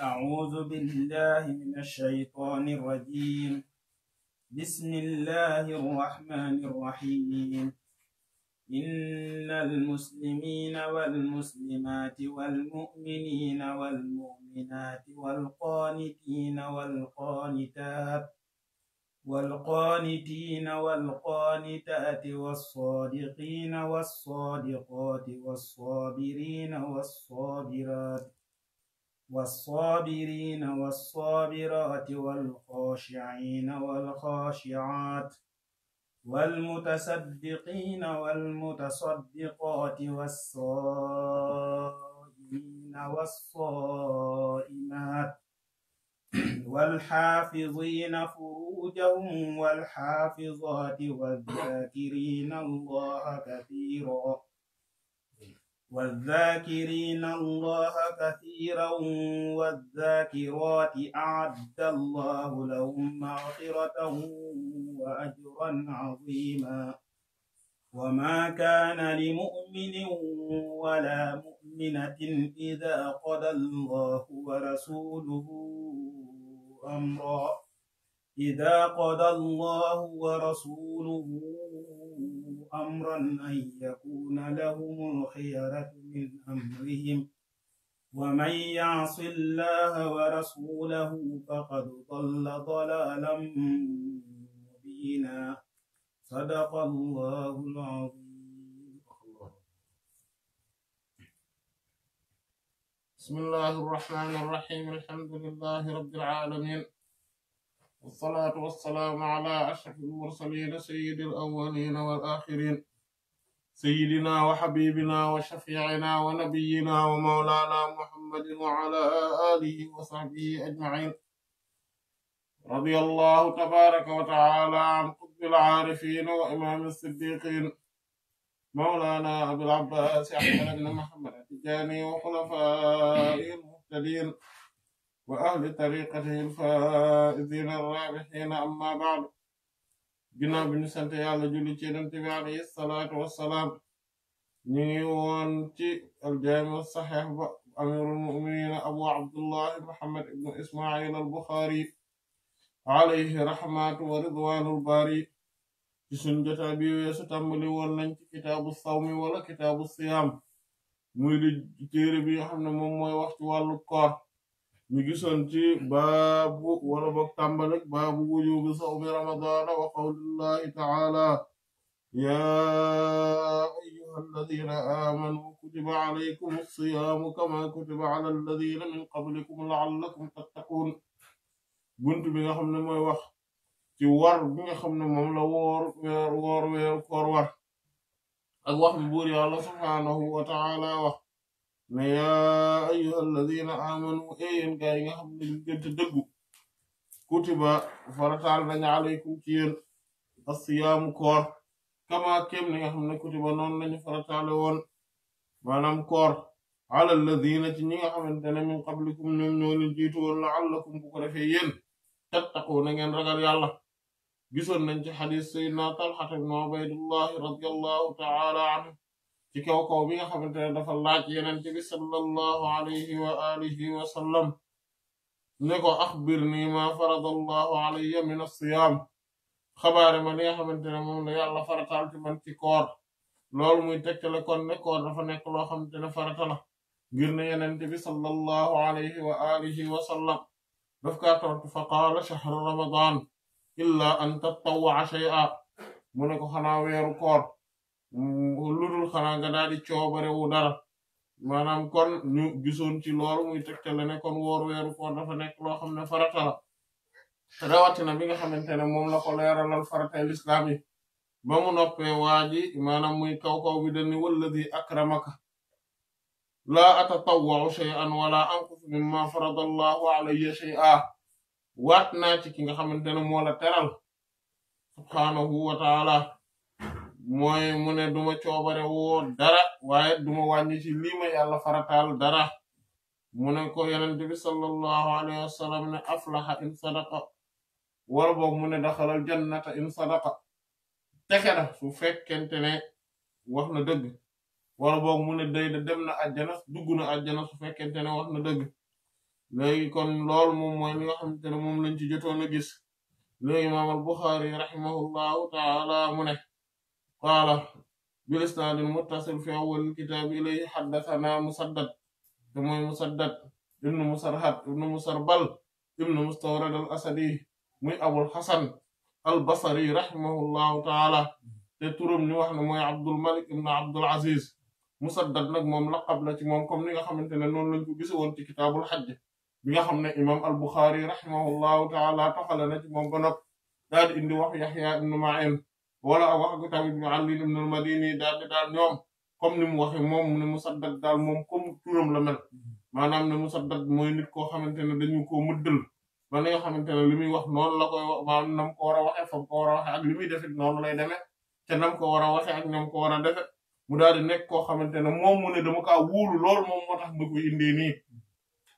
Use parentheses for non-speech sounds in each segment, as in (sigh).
أعوذ بالله من الشيطان الرجيم بسم الله الرحمن الرحيم إن المسلمين والمسلمات والمؤمنين والمؤمنات والقانتين والقانتات والقانتين والقانتات والصادقين والصادقات والصابرين والصابرات والصابرين والصابرات والخاشعين والخاشعات والمتصدقين والمتصدقات والصائمين والصائمات والحافظين فروجهم والحافظات والذاكرين الله كثيرا والذاكرين الله كثيرا والذاكرات أعد الله لهم مغفرة وأجرا عظيما وما كان لمؤمن ولا مؤمنة إذا قضى الله ورسوله أمرا إذا قضى الله ورسوله أمرا أن يكون لهم الخيرة من أمرهم ومن يعص الله ورسوله فقد ضل ضلالا مبينا صدق الله العظيم بسم الله الرحمن الرحيم الحمد لله رب العالمين والصلاة والسلام على أشرف المرسلين سيد الأولين والآخرين سيدنا وحبيبنا وشفيعنا ونبينا ومولانا محمد وعلى آله وصحبه أجمعين رضي الله تبارك وتعالى عن قطب العارفين وإمام الصديقين مولانا أبي العباس أحمد بن محمد الجاني وخلفائه المهتدين وأهل طريقته الفائزين الرابحين أما بعد جنا بن سنت يا الله جولي تي دم تي الصلاه والسلام ني تي الجامع الصحيح امير المؤمنين ابو عبد الله محمد بن اسماعيل البخاري عليه رحمة ورضوان الباري في سن جوتا بي ويسو تامل وون نان تي كتاب الصوم ولا كتاب الصيام موي دي تيري بي وقت والو ñu gisoon ci baabu wala boog tàmbalek baabu wujubi sawmi ramadana wa qawlillahi taala ya ayuha alladina amanu kutiba alaykum alsiyaamu kama kutiba ala alladina min qablikum laallakum tattaquun bunt bi nga xam ne mooy wax ci war bi nga xam ne moom la woor weer woor weer koor war ak wax bi buur yàlla subhaanahu wa taala wax يا أيها الذين آمنوا إن كان يحب الجد دق كتب فرتال من عليكم كير الصيام كور كما كم نحن كتب نون من فرتال ون منام كور على الذين تنيا من تنا من قبلكم نون نون جيت ولا علكم بكر فيين تتقون عن رجال الله جسر من حديث سيدنا طلحة بن عبيد الله رضي الله تعالى عنه ci kaw kaw bi nga xamante ne dafa laaj yenente bi sallallahu alayhi wa alihi wa sallam ne ko axbirni ma farada allahu alayya min as-siyam xabaare ma li nga xamante ne moom la yàlla farataal ci man ci koor loolu muy tegtale kon ne koor dafa nekk loo xamante ne farata la ngir ne yenente bi sallallahu alayhi wa alihi wa sallam daf kaa tontu fa qaala shahru ramadan illa an tattawwa shay'a mu ne ko xanaa weeru koor lu dul xanaa nga daal di coobare dara maanaam kon ñu ci loolu muy tegtale ne kon woor weeru koor dafa nekk loo xam ne farata la rawatina bi nga xamante ne moom la ko leeralal faratay lislaam ba mu noppee waa ji maanaam muy kaw-kaw bi dani walladi akramaka laa atatawwa'u shay'an wala anqusu mimma farada allahu alayya shay'a waat naa ci ki nga xamante ne moo teral subhaanahu wa mooy mu ne duma coobare woo dara waaye duma wàññi ci lii ma yàlla dara mu ne ko yenente bi sallallahu alayhi wa ne aflaha in sadaqa wala boog mu ne daxalal jannata in sadaqa texe na su fekkente ne wax na dëgg wala boog mu day da dem na àjjana dugg na àjjana su fekkente ne wax na dëgg léegi kon loolu moom mooy li nga xamante ne moom lañ ci jotoon a gis léegi imaam Buxaari rahimahullahu taala mu قال بالاسناد المتصل في اول الكتاب اليه حدثنا مسدد ثم مسدد ابن مسرهد ابن مسربل ابن مستورد الاسدي مي ابو الحسن البصري رحمه الله تعالى تترم ني واخنا مي عبد الملك ابن عبد العزيز مسدد نك موم لقب لا تي موم كوم نيغا خامتني نون لا كتاب الحج بيغا خامنا الإمام البخاري رحمه الله تعالى تخلنا تي موم داد دا دي اندي يحيى بن معين wala wax tamit ñu Aliyu ibn al-Madini daal di daal ñoom comme ni mu waxee moom ne Musaddad daal moom comme turam la mel maanaam ne Musaddad mooy nit koo xamante ne dañu ko mëddal ma nga xamante ne li muy wax noonu la koy wax maanaam ko war a waxee fam ko war a waxee ak li lay demee te nam ko war a waxee ak ko war defe mu daal di nekk koo xamante ne moom mu ne dama kaa wóolu lool moom moo tax ma ko indee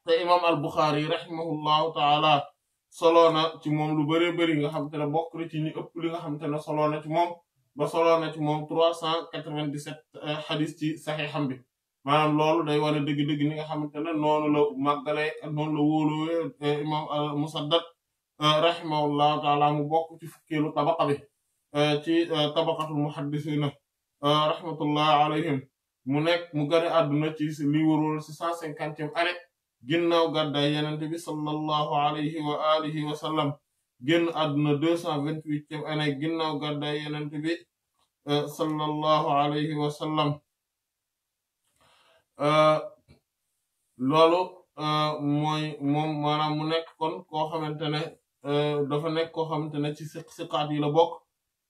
te imaam al-Bukhari taala solo ci moom lu bëree bëri nga xam te ne bokk na ci ñu ëpp li nga xam te ne solo na ci moom ba solo na ci moom 397 xadis euh, ci saxiixam bi maanaam loolu day wane dëgg-dëgg ni nga xamante ne noonu la màggale noonu la wóoloowe euh, imam euh, musaddad rahimahullahu taala mu bokk ci fukkeelu tabaqa bi ci tabaqatul muhaddisina rahmatullah alayhim mu nekk mu gën a àdduna ci li wóorul ci cent cinquantième année ginnaaw gàddaay yenente bi sallallahu alayhi wa alihi wa sallam génn àdduna deux cent vingt-huitième année ginnaaw gàddaay yenente bi euh, sallallahu alayhi wa sallam euh, loolu euh, mooy moom maanaam mu nekk kon koo xamante ne dafa nekk koo xamante ne ci siq siqaat yi la bokk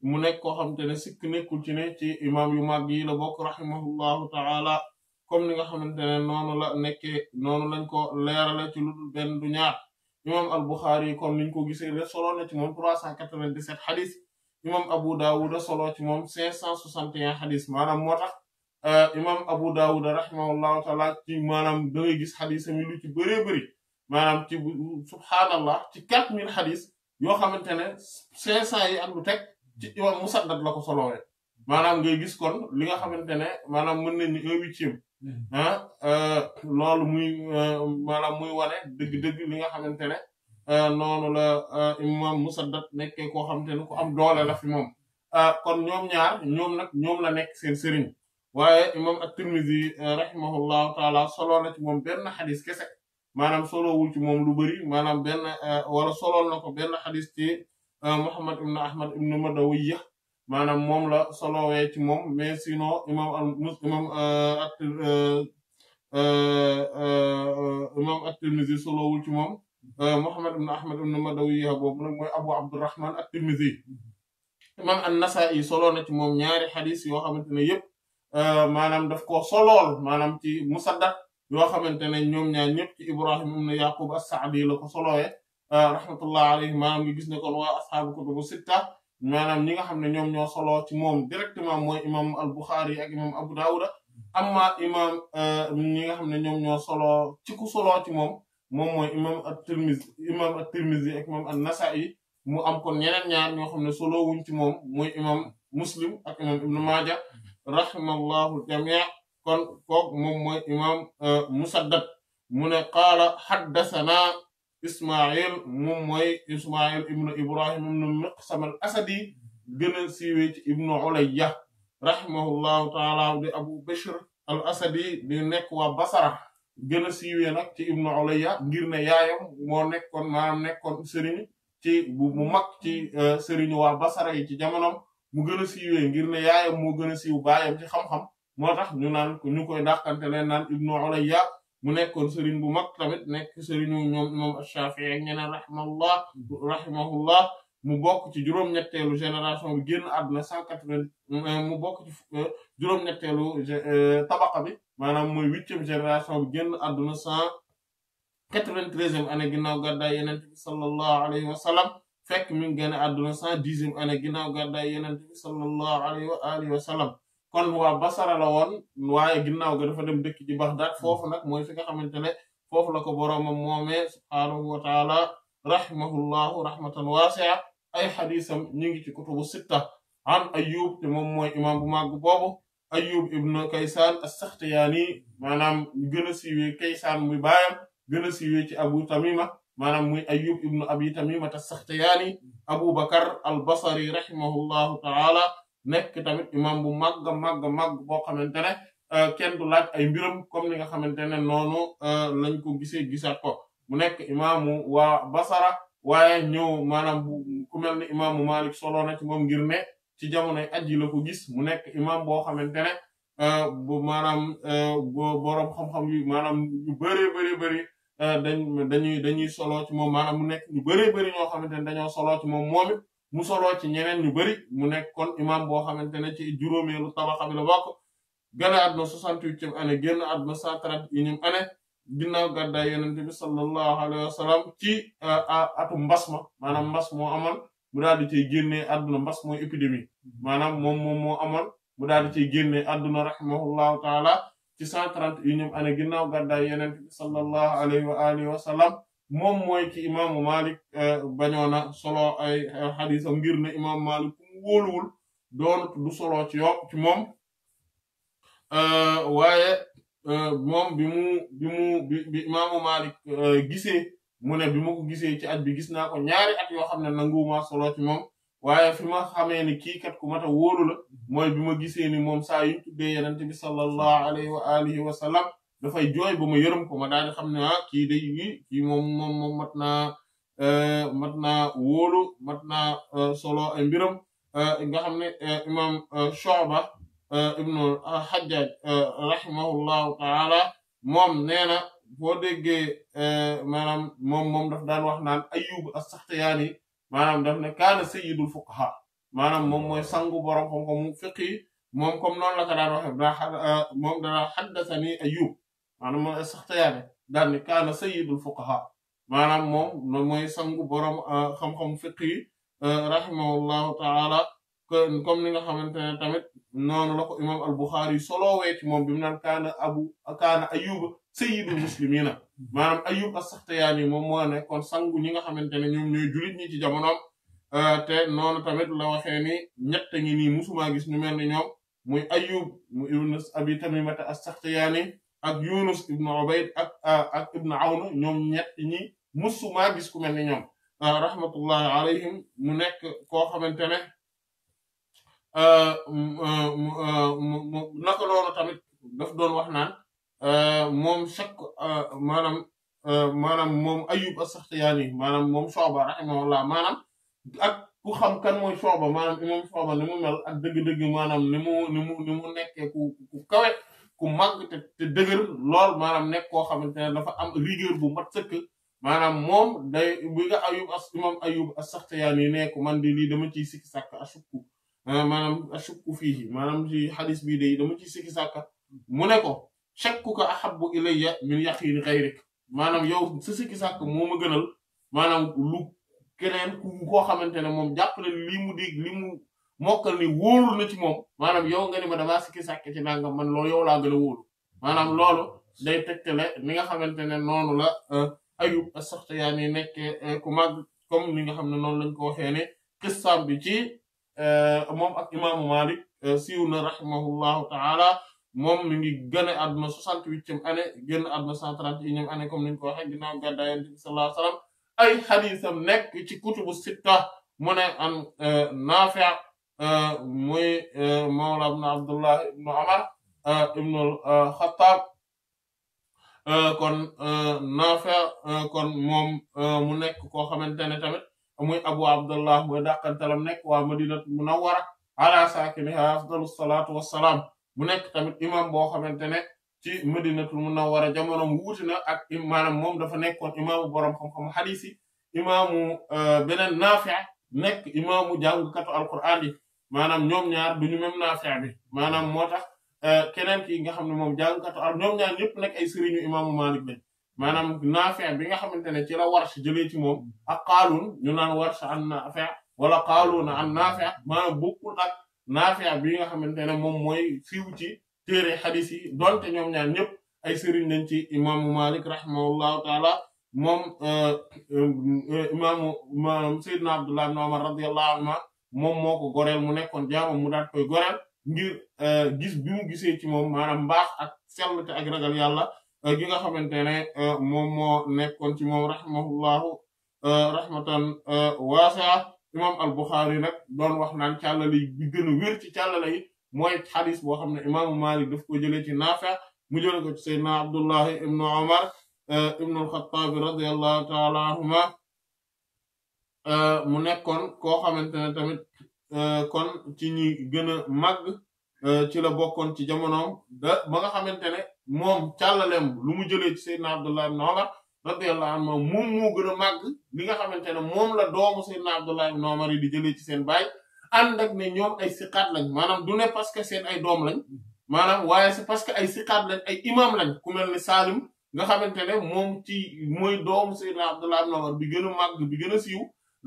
mu nekk koo xamante ne sikk nekkul ci ne ci imaam yu mag yi la bokk rahimahullahu ta'ala comme ni nga xamantene nonu la nekké nonu lañ ko leerale ci luddul ben du ñaar imam al-Bukhari comme niñ ko gisé le solo na ci mom 397 hadith imam Abu Dawud solo ci mom 561 hadith manam motax tax euh, imam Abu Dawud rahimahullahu taala ci manam da ngay gis hadith mi lu ci bëree bëri manam ci subhanallah ci 4000 hadith yo xamantene 500 yi ak lu tek ci imam Musaddad lako solo manam ngay gis kon li nga xamantene manam mën nañ ni un ah euh, loolu muy euh, maanaam muy wane dëgg-dëgg li nga xamante ne euh, noonu la imam nekk nekkee koo xamante ne ku am doole la fi moom ah, kon ñoom ñaar ñoom nag ñoom la nekk seen sëriñ waaye imam at-Tirmidhi rahimahullahu taala solo na ci moom benn xadis kese maanaam solo ci moom lu bari maanaam benn wala solo na ko benn xadis ci Muhammad ibn Ahmad ibn Madawiyah manam mom la solo wé ci mom mais sinon imam al mus imam at imam at-Tirmidhi solowul ci mom Muhammad ibn Ahmad ibn Madawiya bobu nak moy Abu Abdurrahman at-Tirmidhi imam an-Nasa'i solo na ci mom ñaari hadith yo xamantene ne yëpp maanaam daf ko solo manam ci Musaddad yo xamantene ñom ñaar ñëpp ci Ibrahim ibn Yaqub as-Sa'di lako solo wé rahmatullah alayhi manam gi gis na kon wa ashabu kutubu sittah maanaam ñi nga xam ne ñoom ñoo solo ci moom directement mooy imam al-Bukhari ak imam Abu Dawud amma imam euh, ñi nga xam ne ñoom ñoo solo ci ku solo ci moom moom mooy imam at-Tirmizi imam at-Tirmizi ak imam an-Nasa'i mu am kon ñeneen ñaar ñoo xam ne solo wuñ ci moom muy imam Muslim ak imam Ibn Maaja rahimallahu jamii kon kook moom mooy imam euh, Musaddad mu ne qaala haddasanaa Ismaïl moom mooy Ismaïl ibnu Ibrahim ibnu Miqsam al-Asadi gën a siiwee ci ibnu Ulayya rahimahullahu taala di Abu Bishr al-Asadi di nekk waa Basara gën siiwee nag ci ibnu Ulayya ngir ne yaayam moo nekkoon maanaam nekkoon sëriñ ci mu mag ci euh, sëriñu waa Basara yi ci jamonoom mu gën a siiwee ngir ne yaayam moo gën a siiw baayam ci xam-xam moo tax ñu naan ñu koy dàqante leen naan ibnu Ulayya mu nekkoon sëriñ bu mag tamit nekk sëriñu ñoom moom Shaafi'i ak ñeneen rahimahullah rahimahullah mu bokk ci juróom-ñetteelu génération bi génn àdduna cent quatre-vingt mu bokk ci euh, juróom-ñetteelu euh, tabaqa bi maanaam moy huitième génération bi génn àdduna cent quatre-vingt-treizième année ginnaaw gàddaay yenente bi sallallahu alayhi wa sallam fekk mi ngi génn àdduna cent dixième année ginnaaw gàddaay yenente bi sallallahu alayhi wa alihi wa sallam kon wa Basara la won waaye ginnaw ga dafa dem dekk ci Baghdad fofu nak moy fi nga xamantene fofu foofu la ko boroomam wa taala rahmatan wasi'a ay haditham ñi ngi ci kutubu sita an Ayyub te mom moy imam bu mag bobu Ayyub ibn kaysan as sakhtiyani manam gëna a kaysan muy bayam gëna a ci Abu Tamima manam muy Ayyub ibn Abi Tamima as sakhtiyani Abu Bakar al-Basri rahimahullahu taala nekk tamit imam bu màgg màgg màgg boo xamante ne euh, kenn du laaj ay mbiram comme ni nga xamante ne noonu euh, lañ ko gisee gisaat ko mu nekk imaamu waa Basara waaye ñëw maanaam bu ku mel ne imaamu Malik solo na ci moom ngir ne ci jamonoy aji la ko gis mu nekk imam boo xamante ne euh, bu maanaam borom xam-xam yu maanaam ñu bëree bëri bëri dañ dañuy dañuy solo ci moom maanaam mu nekk ñu bëree bëri ñoo xamante ne dañoo solo ci moom moom mu soloo ci ñeneen ñu bari mu nekk kon imam boo xamante ne ci juróomeelu tabaxa bi la bokk gane àdduna soixante-huitième année génn àdduna cent trente-unième année ginnaaw gàddaay yonent bi sallallahu alayhi wa sallam ci euh, atu mbas ma maanaam mbas moo amoon mu daal di cay génnee àdduna mbas mooy épidémie maanaam moom moom moo amoon mu daal di cay génnee àdduna rahimahullahu taala ci cent trente-unième année ginnaaw gàddaay yonent bi sallallahu alayhi wa moom mooy ci imaamu Malik eh, bañoona solo ay xadisam ngir ne imaamu Malik ku mu wóoluwul du solo ci yo ci moom eh, waaye eh, bi mu bi mu bi Malik gisee mu ne bi ma ko gisee ci at bi gis naa ko ñaari at yoo xam ne nanguwuma solo ci moom waaye fi ma xamee ni kii kat ku mata mooy bi ma gisee ni moom saa yu tuddee yenente bi sallallahu alayhi wa wa sallam dafay jooy ba ma yeureum ko ma daal di xam ne ah day wi ki mom mom mat naa mat naa wóolu mat solo ay mbiram nga xam ne imam Shu'ba al Hajjaj rahimahullahu taala mom neena bo boo déggee maanaam mom moom daf daan wax naan Ayyub as-Saxtiyaani manam daf ne kana sayyidul fuqaha manam mom moy sangu borom ko mu fiqi mom comme non la ka daan wax waxe mom dana haddathani Ayyub anu mooy saxtayaani dan ni kaana sayyidul fuqaha manam mom no sangu borom xam-xam fiqi rahimahullahu ta'ala comme ni nga xamantene tamit la imam al-Bukhari we ci mom bi nan kana abu kaana ayyub sayyidul muslimina ayyub ayub as mom mo ne kon sangu ñi nga xamantene ne ñoom julit jullit ñi ci jamono te noonu tamit la waxe ni ñett ñi ni musuma gis ñu melni ñoom muy ayub mu ibn abi tamimata as-saxtiyaani ak Yunus ibn Ubayd ak ah, ak ibn Awn ñoom ñett ñi musuma gis ku mel ni ñoom ah, rahmatullahi alayhim mu nekk koo xamante ne ah, naka loolu tamit daf doon wax naan moom chaque maanaam maanaam moom Ayyub as-Saxtiyaani maanaam moom Shu'ba rahimahullah maanaam ak ku xam kan mooy Shu'ba maanaam imam Shu'ba ni mu mel ak dëgg-dëgg maanaam ni mu ni ku ku ku màgg te te dëgër lool maanaam nekk koo xamante ne dafa am rigueur bu mat sëkk maanaam moom day bi nga ayub as imam ayub as-Saxtiyaani ne ko man di lii dama ciy sikki a ashukku ah, maanaam ashukku fii maanaam ci xadis bii day dama ciy sikki sàkk mu ne ko shakkuka ahabbu ilayya min yaqiini ghayrik maanaam yow sa sikki sàkk moo ma gënal maanaam lu keneen ku koo xamante moom jàpp na lii mu dégg mokkal ni wóolu na ci moom maanaam yow nga ni ma damaa sikki sàkk ci nangam man loolu yow laa gën a wóolu maanaam loolu day tegtale ni nga xamante ne noonu la euh, ayub a saxtiyaani nekk euh, ku mag comme ni nga xam ne noonu lañ ko waxee bi ci euh, moom ak imaamu Malik siiw na rahimahullahu ta'ala moom mi ngi gën a àdduna soixante-huitième année génn àdduna cent trente-et-unième année comme niñu ko waxee ginnaaw gàddaay Yonent bi sallallahu alayhi wa ay xadiisam nekk ci kutubu sitta mu ne Euh, muy euh, mawla ibn abdullah ibn umar euh, ibn al kon nafi kon moom mu nekk koo xamante ne tamit muy abu abdullah muy dàqantalam nekk waa madinatu munawwara ala saakiniha afdalu salaatu wassalaam mu nekk tamit imam boo xamante ne ci madinatul munawwara jamono mu na ak maanaam moom dafa nekkoon imaamu borom xam-xam hadisi imaamu beneen Naafi' nekk imaamu jàngkatu al yi maanaam ñoom ñaar ñu même Naafi' bi maanaam moo tax eh, keneen ki nga xam ne moom jàngkatu al ñoom ñaar ñëpp nekk ay sëriñu imaamu Maalik lañ maanaam Naafi' bi nga xamante ne ci la Warsh jëlee ci moom ak Qaaluun ñu naan Warsh an Naafi' wala Qaaluun an Naafi' maanaam bu ak Naafi' bi nga xamante ne moom mooy fiw ci téere xadiis yi donte ñoom ñaar ñëpp ay sëriñ lañ ci imaamu Maalik rahimahullahu taala euh imam imam Seydina Abdullah ibn Umar radiyallahu anhu mom moko gorel mu nekkon jaamam mu dal koy gorel ngir eh, gis bi mu gisee ci mom manam bax ak sell te ak ragal yalla eh, gi nga xamantene ne mo nekkon ci mom rahimahullahu rahmatan wasi'a imam al Bukhari nak don wax nan cyallali bi gën a ci cyallali moy hadith bo xamne imam malik daf ko jëlee ci nafa mu jëlee ko ci Seydina abdullah ibn Umar Eh, ibn al-Khattab radiyallahu ta'ala anhuma eh, mu nekkoon koo xamante ne tamit eh, kon ci ñi gën a màgg ci la bokkoon ci jamono da nga xamante ne moom càllaleem lu mu jëlee ci Seydina Abdullah ibn Umar radiyallahu anhu moom moo gën a li nga xamante ne moom la doomu Seydina Abdullah ibn yi di jëlee ci seen baay ànd ak ne ñoom ay siqaat lañ maanaam du ne parce que seen ay doom lañ maanaam waaye c'est ay siqaat lañ ay imam lañ ku mel ni Salim nga xamante ne moom ci mooy doomu Seydina Abdullah ibn Umar bi gën a màgg bi gën a siiw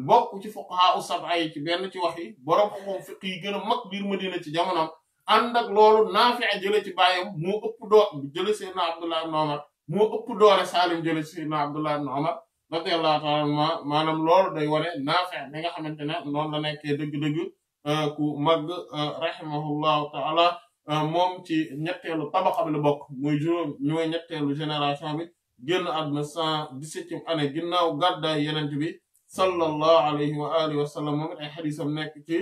bokk ci fuqaha as-sab'a yi ci benn ci wax yi borom xam-xam fiq yi gën a mag biir Madina ci jamonoom ànd ak loolu jël jëlee ci baayam moo ëpp doo jëlee Seydina Abdullah ibn Umar moo ëpp doole Saalim jëlee ci Seydina Abdullah ibn Umar radiyallahu ta'ala anhu maanaam loolu day wone Naafi' mi nga xamante ne noonu la nekkee dëgg-dëgg euh, ku mag euh, rahimahullahu ta'ala Euh, moom ci ñetteelu tabaxa bi la bokk muy juróom ñooy ñetteelu génération bi génn àdduna cent dix-septième année ginnaaw gàddaay yenent bi sallallahu alayhi wa alihi wa sallam moom it ay xadisam nekk ci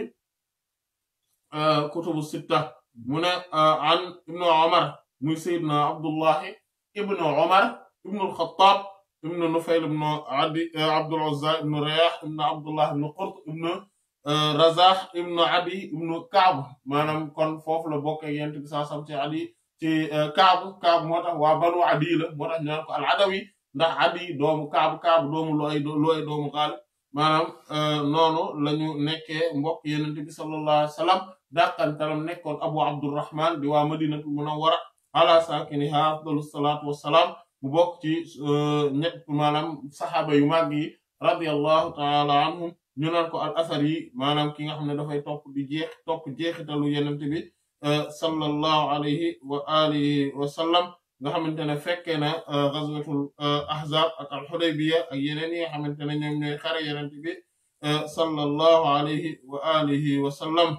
euh, kutubu sitta mu ne euh, an ibnu omar muy sayidna abdullahi ibnu omar ibnu alxataab ibnu nufayl ibnu abdul uzza ibnu riyah ibnu abdullah ibnu qurt ibnu Euh, Razah ibnu Adi ibnu Kaab maanaam kon foofu la bokk ak yonent ci Adi ci euh, Kaab Kaab moo tax waa Banu Adi la moo tax ñu naan ko al-Adawi ndax Adi doomu Kaab Kaab doomu Lu'ay Lu'ay doomu Ghalib maanaam euh, noonu la ñu mbokk yonent bi sallallahu alayhi wasallam dàqantalam nekkoon Abu Abdurrahman di waa Madinatul Munawwara ala sakiniha afdalus salaatu wassalaam mu bokk ci ñett maanaam saxaaba yu màgg yi radiyallahu ta'ala anhum ñu naan ko al asar yi manam ki nga xamne da fay top di jeex top jeexitalu yenente bi sallallahu alayhi wa alihi wa sallam nga xamantene fekke na ghazwatul ahzab ak al hudaybiya ak yenen yi xamantene xamante ne ñoom ñooy xare yenente bi sallallahu alayhi wa alihi wa sallam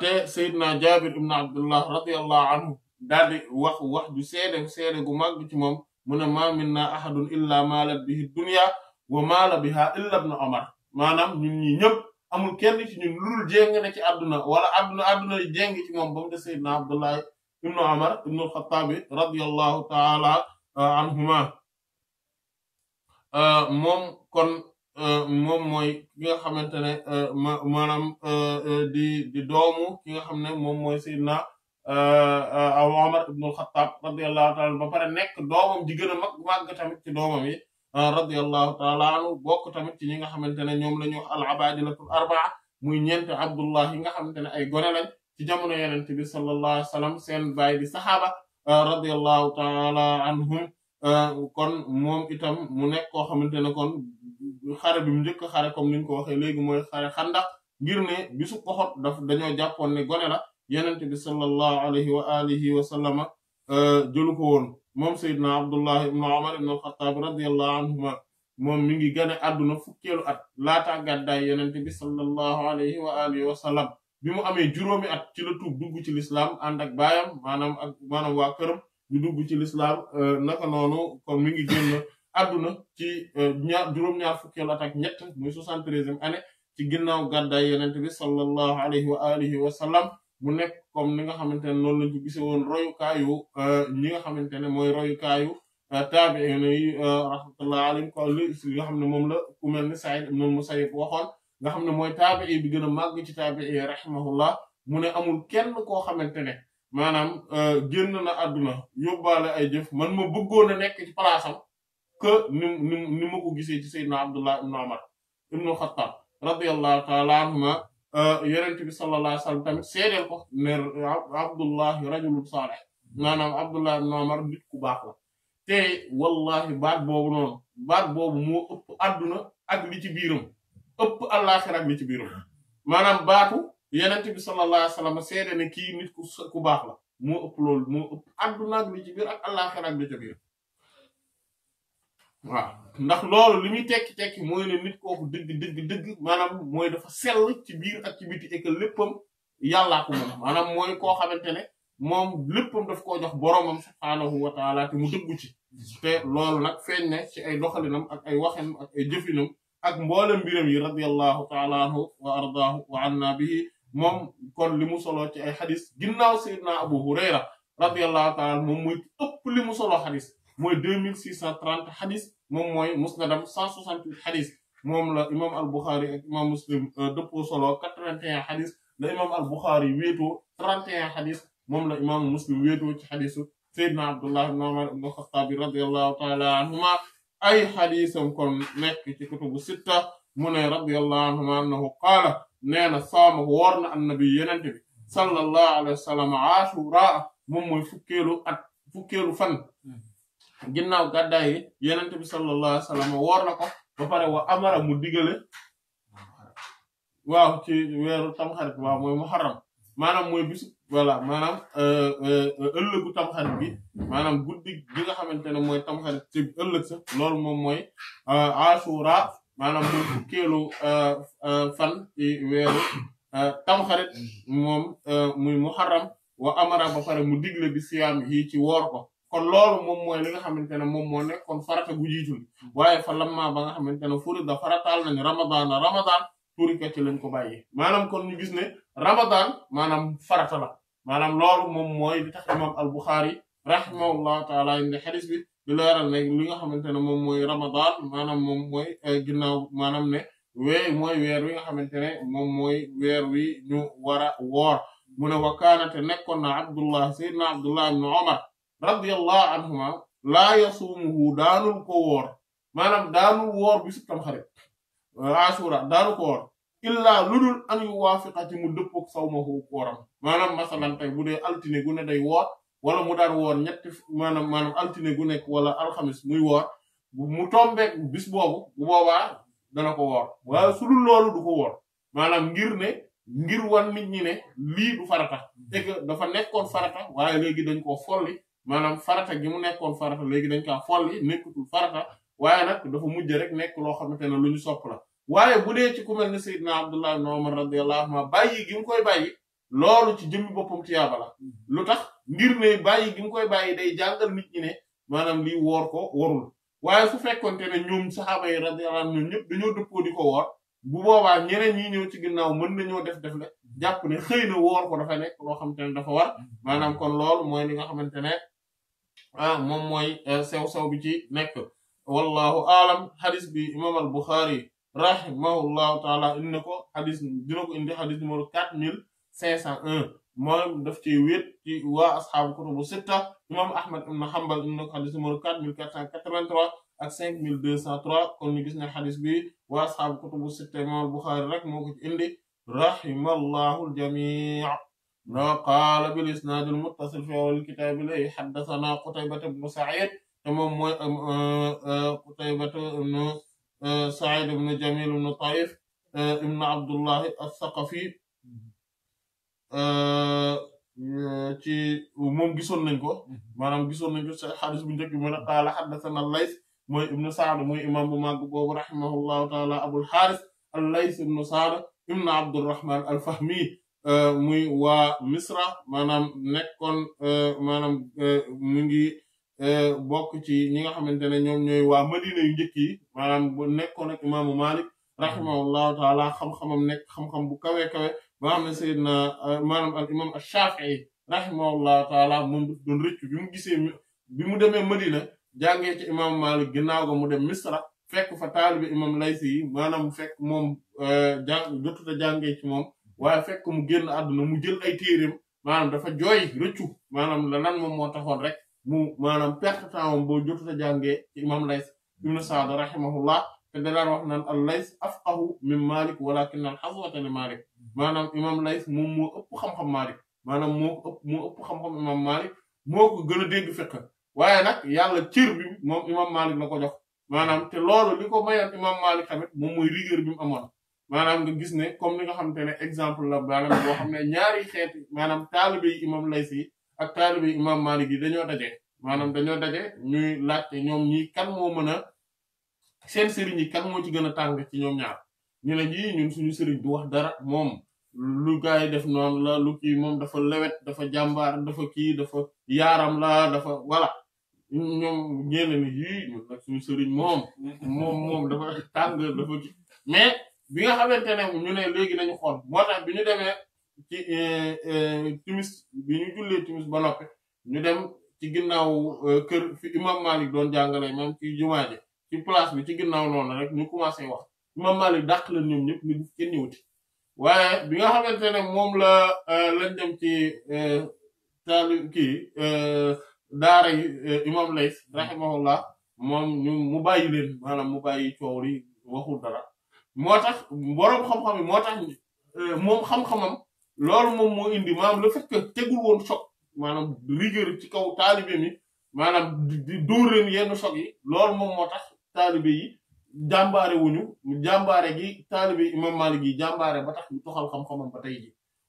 te sayidna jabir ibn abdullah radiyallahu anhu dadi wax wax du seede seede gu mag ci mom muna ma minna ahadun illa malat bihi dunya wa maala biha illa ibn Umar maanaam ñun ñi ñëpp amul kenn ci ñun lul jéng na ci àdduna wala àdduna àdduna jéng ci moom ba mu des Seydina Abdullah ibn Umar ibn al-Khattab ta'ala uh, anhuma uh, moom kon uh, moom mooy ki nga xamante ne maanaam di di ki nga xam ne moom mooy Seydina Abu Umar ibn al-Khattab ta'ala ba pare nekk doomam ji gën mag tamit ci doomam yi Ah, radiyallahu taala anhu bokk tamit ci ñi nga xamante ne ñoom la ñu al abadilatul arbaa muy ñeenti abdullah yi nga xamante ne ay gone lañ ci jamono yenente bi sallallahu alayhi wasallam seen baay bi saxaaba ah, radiyallahu taala anhum ah, kon moom itam mu nekk koo xamante ne kon xare bi mu njëkk xare comme niñ ko waxee léegi mooy xare xandax ngir ne bisu Uhud daf dañoo jàppoon ne gone la yenente bi sallallahu alayhi wa alihi wa sallama jëlu woon moom Seydina Abdullah ibn Umar ibn al-Khattab radiyallahu anhuma moom mi ngi gane àdduna fukkeelu at laata gàddaay yonent bi sallallahu alayhi wa alihi wa sallam bi mu amee juróomi at ci la tuub dugg ci lislaam ànd ak baayam maanaam ak maanaam waa këram ñu dugg ci lislaam euh, naka noonu kon mi ngi génn ci euh, ñaar juróom-ñaar fukkeelu at ak ñett muy soixante-treizième année ci ginnaaw gàddaay yonent bi sallallahu alayhi wa alihi wa sallam mu nekk comme ni nga xamante ne noonu lañu ko gise woon royukaayu euh, ñi nga xamante ne mooy royukaayu euh, taabi'in yi euh, rahmatullahi alayhim ko li nga xam ne moom la ku mel ni Sa'id mu Musayyib waxoon nga xam ne mooy taabi'i bi gën a màgg ci taabi'i rahimahullah mu ne amul kenn koo xamante ne maanaam génn na àdduna yóbbaale ay jëf man ma bëggoon a nekk ci palaasam que ni ni ni gisee ci Seydina Abdullah ibn Umar ibn Khattab radiyallahu ta'ala Euh, yonent bi sallallahu alayhi wa sallam tamit seedeel ko ne Abdullahi rajulun salih maanaam Abdullah ibn Umar nit ku baax la te wallahi baat boobu noonu baat boobu moo ëpp adduna ak li ci biiram ëpp àllaaxira ak li ci biiram maanaam baatu yonent bi sallallahu alayhi wa sallam seede ne kii nit ku baax la moo ëpp loolu moo ëpp adduna ak li ci biir ak àllaaxira ak li waaw ndax loolu li muy tekki tekki mooy ne nit kooku dëgg dëgg dëgg maanaam mooy dafa sell ci biir ak ci biti et que léppam yàllaa ko moom maanaam mooy koo xamante ne moom léppam daf koo jox boromam subhaanahu wa taala te mu dëggu ci te loolu nag feeñ ne ci ay doxalinam ak ay waxenam ak ay jëfinam ak mboolem mbiram yi radiyallahu taala anhu wa ardaahu wa anna bihi moom kon li mu solo ci ay xadis ginnaaw sayyidina abu hurayra radiyallahu taala moom muy ëpp li mu solo xadis mooy deux mille six cent trente xadis moom mooy musnadam cent soixante huit xadis moom la imam al buxaari ak imam muslim dëppoo solo quatre vingt et un xadis la imam al buxaari wéetoo trente et un xadis moom la imam muslim wéetoo ci xadisu seydna abdullah ibn umar ibn xattaabi radiallahu taala anhuma ay xadisam kon nekk ci kutubu sitta mu ne radiallahu anhuma annahu qaala nee na saama woor na annabi yenente bi sallallahu alayhi wa sallam ashuraa moom mooy fukkeelu at fukkeelu fan ginnaaw gàddaay yi yenente bi sallallahu alayhi ko ba pare wa amara mu digale waaw ci weeru tamxarit waaw mooy muharram maanaam mooy bisu voilà maanaam euh, euh, ëllëgu tamxarit bi maanaam guddi gi nga xamante ne mooy tamxarit ci ëllëg loolu moom mooy euh, ashura maanaam mooy fukkeelu fan ci weeru tamxarit muy muharram wa amara ba pare mu digle bi siyaam yi ci woor ko kon lolu mom moy li nga xamantene mom mo moo kon farata gu jitu waye fa lamma ba nga xamantene furu da faratal nañu ramadan ramadan turika ci lañ ko baye manam kon ñu gis ne ramadan manam farata la manam lolu mom moy li tax imam al-Bukhari rahimahullahu taala indi hadith bi di leral ne li nga xamantene mom moy ramadan manam mom moy ginnaw manam ne we moy wer wi nga xamantene mom moy wer wi ñu wara wor mu ne wakana te nekkon na abdullah sayyidna abdullah ibn umar radiyallahu anhuma laa yasuumuhu daanul ko woor maanaam daanul woor bisu tamxarit ashura daanu ko woor illaa lu dul an yu waafiqa ci mu dëppook sawmahu kooram maanaam masalan tey bu dee altine gu ne day woor wala mu daan woor ñetti maanaam maanaam altine gu nekk wala alxamis muy woor mu tombeek bis boobu bu boobaa dana ko woor waaye su dul loolu du ko woor maanaam ngir ne ngir wan nit ñi ne lii du farata et dafa nekkoon farata waaye léegi dañ maanaam farata gi mu nekkoon farata léegi dañ kaa folli nekkatul farata waaye nag dafa mujj rek nekk loo xamante ne lu ñu sopp la waaye bu dee ci ku mel ne Seydina Abdullah ibn Umar bàyyi gi mu koy loolu ci jëmmi boppam tiyaaba lu tax ngir ne bàyyi gi mu koy bàyyi day jàngal nit maanaam lii woor ko warul waaye su fekkonte ne ñoom saxaaba yi radiyallahu anhum ñoom ñëpp ko woor bu boobaa ñeneen ñi ñëw ci ginnaaw mën nañoo def def la jàpp ne xëy na woor ko dafa nekk loo xamante ne dafa war maanaam kon loolu mooy li nga xamante ne ah moom mooy sew-sew eh, bi ci nekk wallahu alam xadis bi imam al buxaari rahimahullahu taala indi na ko xadis dina ko indi xadis numéro quatre mille cinq cent un moom daf ci wéet ci waa asxaabu kutubu sitta imam ahmad ibn hanbal indi na ko xadis numéro quatre mille quatre cent quatre-vingt-trois ak cinq mille deux cent trois kon ñu gis ne xadis bi waa asxaabu kutubu sitta imam al buxaari rek moo ko ci indi rahimallahu al jamii قال بالاسناد المتصل في اول الكتاب لي حدثنا قتيبه بن سعيد تمام آه، آه، قتيبه بن آه، سعيد بن جميل بن طائف ابن عبد الله الثقفي تي ومم غيسون نانكو مانام غيسون نانكو حديث بن دك من قال حدثنا الليث موي ابن سعد موي امام ماغ بوب رحمه الله تعالى ابو الحارث الليث بن سعد ابن عبد الرحمن الفهمي Euh, muy waa misra maanaam nekkoon euh, maanaam euh, mu ngi bokk ci ñi nga xamante ne ñoom ñooy waa madina yu njëkk yi bu nekkoon ak imaamu malik rahimahullahu taala xam-xamam nekk xam-xam bu kawe kawe ba xam ne sayyidna al imam ash-shafi'i rahimahullahu taala moom du doon rëccu bi mu gisee bi mu demee madina jàngee ci imaamu malik ginnaaw ga mu dem misra fekk fa taalibi imam laysi yi maanaam fekk moom jàng jotuta jàngee ci moom waaye fekk mu génn àdduna mu jël ay téereem maanaam dafa jooy rëccu maanaam la lan moom moo taxoon rek mu maanaam perte temps boo jotuta jàngee ci imam Lays ibn Sa'd rahimahullah te dadaan wax naan al Lays afqahu min Malik walakin al hazwata li Malik maanaam imam Lays moom moo ëpp xam-xam Malik maanaam moo ëpp moo ëpp xam-xam imam Malik moo gën a dégg fiqh waaye nag yàlla cër bi moom imam Malik ko jox maanaam te loolu li ko mayoon imam Malik tamit moom mooy rigueur bi mu amoon maanaam nga gis ne comme li nga xamante ne exemple la maanaam boo xam ne ñaari xeeti maanaam taalibe yi imam Laysi ak taalibe yi imam Maalik gi dañoo daje maanaam dañoo daje ñuy laajte ñoom ñii kan moo mën a seen yi kan moo ci gën a tàng ci ñoom ñaar ñu ne ñii ñun suñu sëriñ du wax dara moom lu gaay def noonu la lu kii moom dafa lewet dafa jàmbaar dafa kii dafa yaaram la dafa voilà ñoom ñeneen ni yii ñun nag suñu sëriñ moom moom moom dafa tàng dafa kii mais bi nga xamante ne ñu ne léegi nañu xool moo tax bi ñu demee ci euh, euh, timis bi ñu julee timis ba noppi ñu dem ci ginnaaw euh, kër fi imam Malik doon jàngale même ci jumaa ci place bi ci ginnaaw noonu rek ñu commencé wax imam Malik dàq la ñoom ñëpp ñu kenn ñëwuti waaye bi nga xamante ne moom la lañ dem ci taali kii daara yi imam Lays rahimahullah moom mu bàyyi leen maanaam mu bàyyi coow li waxul dara moo tax boroom xam-xam moo tax euh, moom xam-xamam loolu moom moo indi maanaam le fait tegul woon choc maanaam rigueur ci kaw taalibe mi maanaam di du leen yenn choc yi loolu moom moo tax taalibe yi jàmbaare wuñu jàmbaare gi taalibe imam Malik yi jàmbaare ba tax ñu toxal xam-xamam ba tey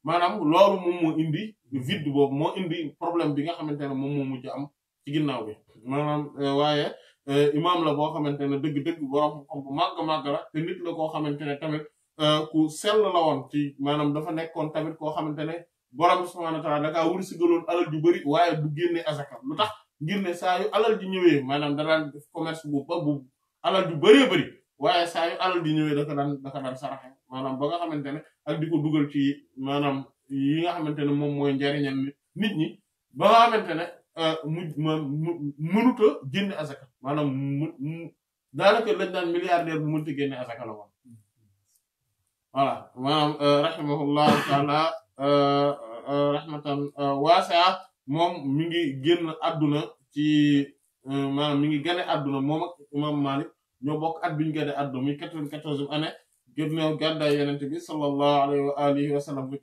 maanaam loolu moom moo indi vide boobu moo indi problème bi nga xamante ne moom moo mujj am ci ginnaaw bi maanaam euh, waaye Euh, imaam la boo xamante ne dëgg-dëgg borom xam bu màgg màgg la te nit la koo xamante ne tamit euh, ku sell la woon ci maanaam dafa nekkoon tamit koo xamante ne borom subhaanahu wa ta'aala dakaa wuri sigaloon alal ju bëri waaye bu génne asaka lu tax ngir ne saa yu alal ji ñëwee maanaam da daan def commerce bu ba bu alal ju bëree bëri waaye saa yu alal ji ñëwee daka daan daka daan saraxe maanaam ba nga xamante ne ak di ko dugal ci maanaam yi nga xamante ne moom mooy njariñal nit ñi ba nga Euh, mu mënut a génne asaka maanaam mu mu daanaka lañ naan milliardaire bu mënut a génne asaka la woon voilà maanaam euh, rahimahullahu taala euh, rahmatan waasaa moom mi ngi adduna ci maanaam mi ngi gane adduna moom a imam Malik ñoo bokk at bi ñu gane adduna muy quatre-vingt-quatorzième année gënnaw gàddaay yenente bi sallallahu alayhi wa alihi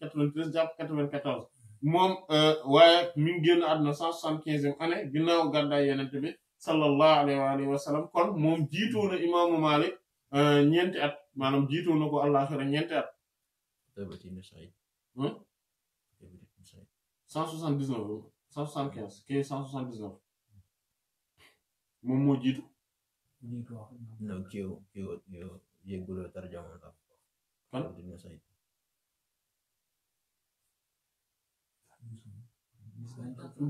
quatre-vingt-treize jàpp quatre-vingt-quatorze Mum euh waye min génn adna 175e ane ginnaw ginnaaw yenente bi sallallahu alayhi wa sallam kon mom jitu na malik euh ñent at maanaam jitu na ko àllaxira ñeenti at. cent soixante-dix-neuf cent soixante-quinze kii cent soixante-dix-neuf moom moo jiitu. non kii yow kii yow yëguloo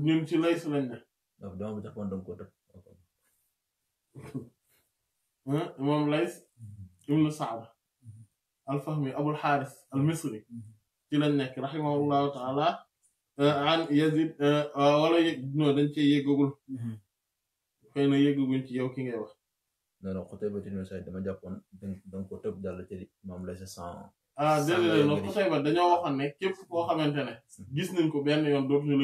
ñun ci lay si lañ ne. donc dama bi taxoon dama ko tëb. (laughs) moom Lays mhm. ibn Sa'd mhm. al-Fahmi Abul Haaris al-Misri mhm. ci lañ nekk rahimahullahu ta'ala euh, an Yazid euh, euh, wala yëg non dañ cee yëggagul xëy na yëggaguñ ci yow ki ngay wax. non non côté Béthiou Moussa dama jàppoon da ko tëb jàll ci moom Lays sans. ah déedéet non Qutayba dañoo waxoon ne képp koo xamante ne hmm. gis nañ ko benn yoon dootuñu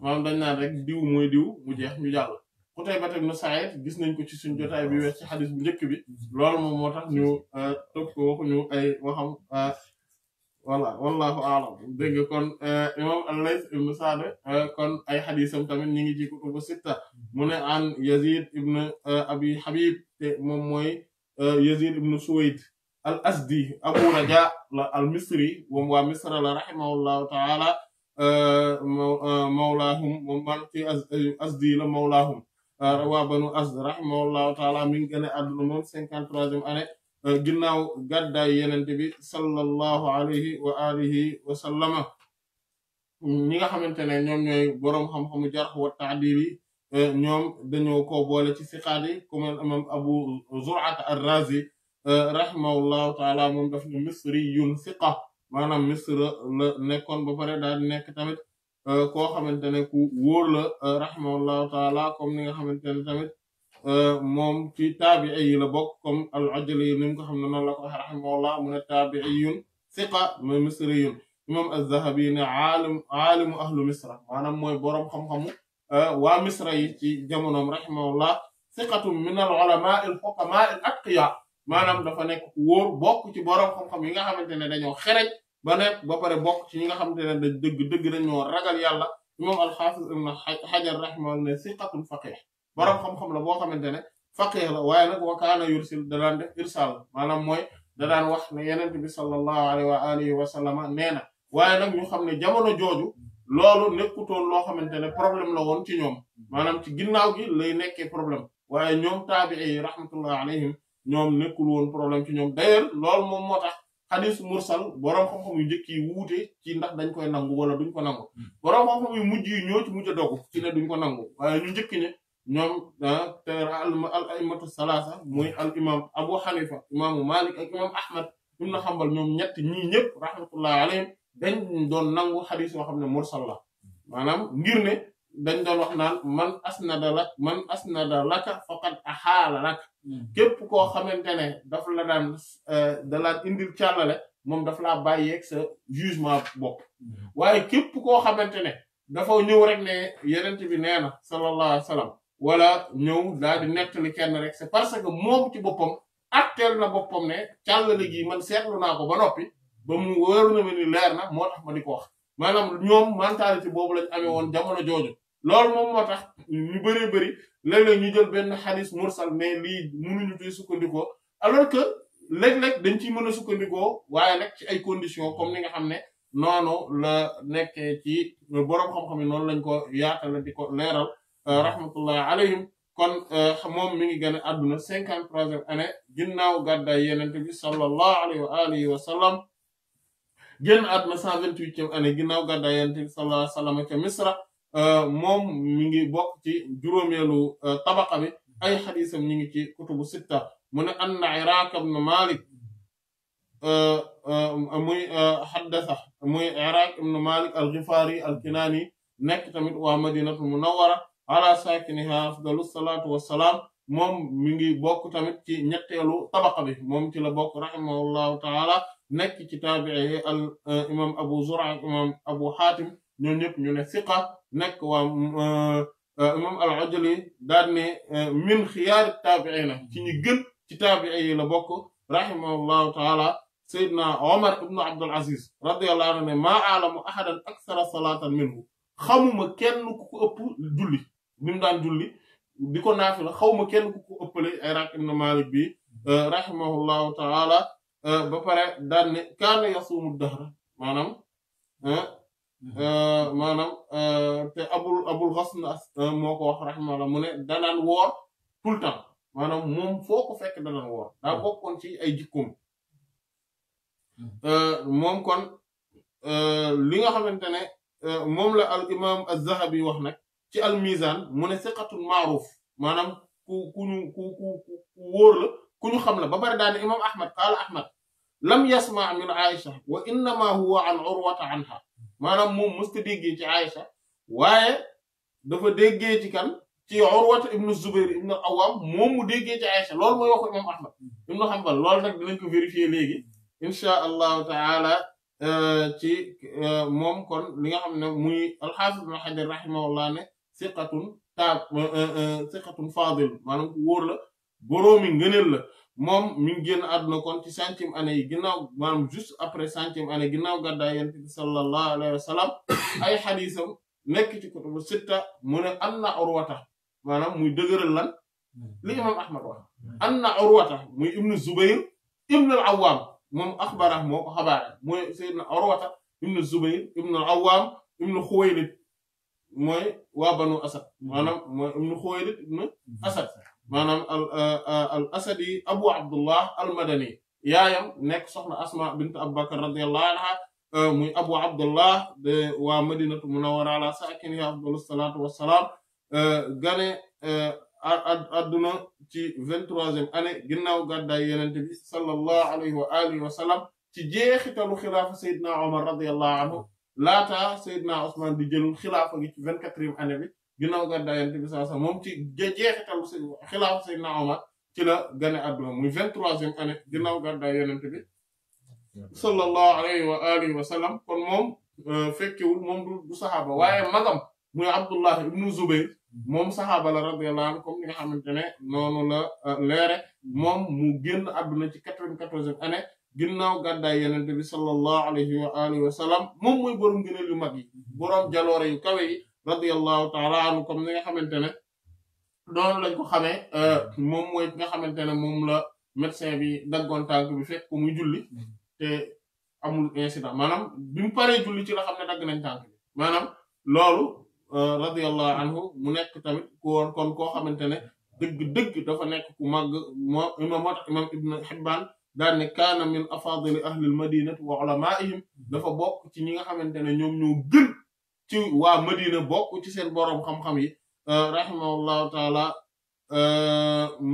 la dañ naan rek diw mooy diw mu jeex ñu jàll Qutayba ibn Sa'id gis nañ ko ci suñu jotaay bi wees ci xadis bu njëkk bi loolu moom moo tax ñu hmm. euh, topp ko waxuñu ay waxam euh, voilà wallahu a'lam dégg kon euh, imam al ibn Sa'd kon ay xadisam tamit ñi ngi ci kutubu sitta mu ne an Yazid ibn Abi Habib te moom mooy Yazid ibn Suwayd الأسدي أبو رجاء المصري ومصر رحمه الله تعالى آه، آه، مولاهم ومالتي أسدي لمولاهم آه، روا بنو أسد رحمه الله تعالى من جنة أدن من سنكان ترازم أنا جناو قد ينتبه صلى الله عليه وآله وسلم نيغا خامتاني نيوم نيي بوروم خام خامو جارح والتعديلي نيوم دانيو كو بولي سي فقادي كوم امام ابو زرعه الرازي rahimahu llahu taala moom daf ne misriyun siqa maanaam misr la nekkoon ba pare daal di nekk tamit koo xamante ne ku wóor la rahimahu llahu taala comme ni nga xamante ne tamit moom ci taabii yi la bokk comme al ajali yi ni mu ko xam ne noonu la ko waxee rahimahu llah mu ne taabiiyun siqa mooy misriyun imam az-zahabi ne aalim aalimu ahlu misra maanaam mooy boroom xam-xamu waa misra yi ci jamonoom rahimahullah siqatun min al ulama al fuqama al atqiya maanaam dafa nekk wóor bokk ci borom xam-xam yi nga xamante ne dañoo xereñ ba nekk ba pare bokk ci ñi nga xamante ne dañ dëgg dëgg dañoo ragal yàlla imam al-Hafiz ibn Hajar rahimahullah ne siqatul faqih borom xam-xam la boo xamante ne faqih la waaye nag wa kaana yursil da daan def irsal maanaam mooy da wax ne yenent bi sallallahu alayhi wa alihi wa sallama nee na waaye nag ñu xam ne jamono jooju loolu nekkutoon loo xamante ne problème la woon ci ñoom maanaam ci ginnaaw gi lay nekkee problème waaye ñoom taabii yi rahmatullah ñoom nekkul woon problème ci ñoom d'ailleurs loolu moom moo tax xadis mursal boroom xam-xam yu njëkk wuute ci ndax dañ koy nangu wala duñ ko nangu hmm. boroom xam-xam yu mujj yi ñoo mujj a dogu ci ne duñ ko nangu waaye ñu njëkk ñe ñoom ah, te al aimatu salaasa muy al imam abu xanifa imaamu malik ak imam ahmad ibn hanbal ñoom ñett ñi ñëpp rahmatullahi alayhim doon nangu xadis yoo xam ne mursal la hmm. maanaam ngir ne dañ doon wax naan man asnada lak man asnada laka faqad axaala lak hmm. képp koo xamante ne daf la daan euh, da laan indil càllale moom daf laa bàyyeeg sa jugement bopp hmm. waaye képp koo xamante ne dafa ñëw rek ne yenent bi nee na sallallahu alayhi wa wala ñëw daal di nettali kenn rek c'est parce que moom ci boppam atteel na boppam ne càllale gi man seetlu naa ko ba noppi ba mu wóor na ma ni leer na moo tax ma di ko wax maanaam ñoom mentalité boobu lañ amee woon jamono jooju loolu mom motax nu bëré bëree bëri léeg-léeg ñu jël ben hadith mursal mais li mënu ñu koy sukkandiko alors que leg leg dañ ci mëna sukkandiko waye nak ci ay conditions comme ni nga xamné nono la nekkee ci borom xam-xam yi noonu lañ ko yaatala di ko leeral rahmatullah alayhim kon mom mi ngi gëna aduna 53e année ginnaw gadda yenente bi sallallahu alayhi wa alihi wa sallam génn aduna 128e année ginnaw gadda yenente bi sallallahu alayhi wa sallam ci misra mom mi ngi bok ci juromelu tabaqa bi ay haditham ñi ngi ci kutubu sita mun ne anna Iraaq ibn Malik muy xaddasa muy Iraaq ibn Malik al-Ghifari al-Kinaani nekk tamit wa Madinatul Munawwara ala sakinha afdalus salatu wassalam mom mi ngi bok tamit ci ñettelu tabaqa bi mom ci la bok rahimahu allah taala nek ci tabi'i al imam Abu Zur'a imam Abu Hatim ñoom ñëpp ñu ne siqa nekk waa imam al-Ajli daal ne min xiyaar taabi'ina ci ñu gën ci taabi'i yi la bokk rahimahullahu taala sayyidina Omar ibn Abdul Aziz radiyallahu anhu ne maa aalamu ahadan akthara salaatan minhu xamuma kenn ku ko ëpp julli ni mu daan julli di ko naafila xawma kenn ku ko ëppale ay rak ibn Malik bi rahimahullahu taala ba pare daan ne kaana yasuumu dahra maanaam manam te abul abul xasn moko ko wax rahimahullah muné da nan wor tout temps manam mom foko fekk da nan wor da bokkoon ci ay jikum moom kon li nga xamante ne la al imam az-Zahabi wax nak ci al mizan muné ne siqatun ma'ruf manam ku ku ku wor la ku ñu xam la ba bari daane imam ahmad qala ahmad lam yasma' min aisha wa inma huwa an urwata anha maanaam moom mësta déggee ci Aïcha waaye dafa déggee ci kan ci Urwata ibnu Zubayr ibnu Awwam moom mu déggee ci Aïcha loolu mooy waxu imam Ahmad ibnu Hanbal loolu nag dinañ ko vérifier léegi insha allahu taala euh, ci euh, moom kon li nga xam ne muy al-Hafiz ibn Hajar rahimahullah ne siqatun taab euh, siqatun fadil maanaam ku wóor la boroomi ngëneel la moom mi ngi génn àdduna kon ci centième année yi ginnaaw maanaam juste après centième année ginnaaw gàddaay alayhi wa ay xadiisam nekk ci kutubu sitta mu anna urwata muy dëgëral lan hmm. li imam ahmad wax anna urwata muy ibnu zubayr ibnu al awaam moom axbara moo ko xabaare mooy sayyidna urwata ibnu zubayr ibnu awaam ibnu xuwaylid mooy waa banu asad maanaam ibnu xuwaylid ibnu asad maanaam al euh, euh, al asadi abu abdullah al madani yaayam nekk soxna asma bint abubakar radiyallahu anha euh, muy abu abdullah de waa madinatu munawwara ala saakiniha afdalu salaatu wassalaam gane adduna ci vingt-troisième année ginnaaw gàddaay yenente bi sallallahu alayhi wa alihi wa sallam ci jeexitalu xilaafa sayyidina omar radiyallahu anhu laataa sayyidina osman di jël xilaafa gi ci vingt-quatrième année bi ginnaaw gàddaay Yonent bi sallallahu alayhi moom ci jeexitalu si xilaafu Seydina Omar ci la gane àdduna muy vingt-troisième année ginnaaw gàddaay Yonent bi sallallahu alayhi wa alihi moom euh, waaye magam muy Abdullah ibnu moom saxaaba la radiyallahu anhu comme ni nga xamante ne noonu euh, mu génn àdduna ci quatre-vingt-quatorzième année ginnaaw gàddaay Yonent mag yi boroom jaloore yu kawe yi radiyallahu ta'ala anhu comme ni nga xamante ne noonu lañ ko xamee moom mooy nga xamante ne moom la médecin bi daggoon tànk bi fekk ko muy julli te amul incident maanaam bi mu paree julli ci la xam ne dagg nañ tànk bi maanaam loolu radiyallahu anhu mu nekk tamit ku woon kon koo xamante ne dëgg-dëgg dafa nekk ku màgg moo imam moo tax imam ibn Hibbaan daal ne kaana min afaadili ahlil madinati wa ulamaa'ihim dafa bokk ci ñi nga xamante ne ñoom ñoo gën ci wa medina bok ci sen borom xam-xam yi rahmalahu taala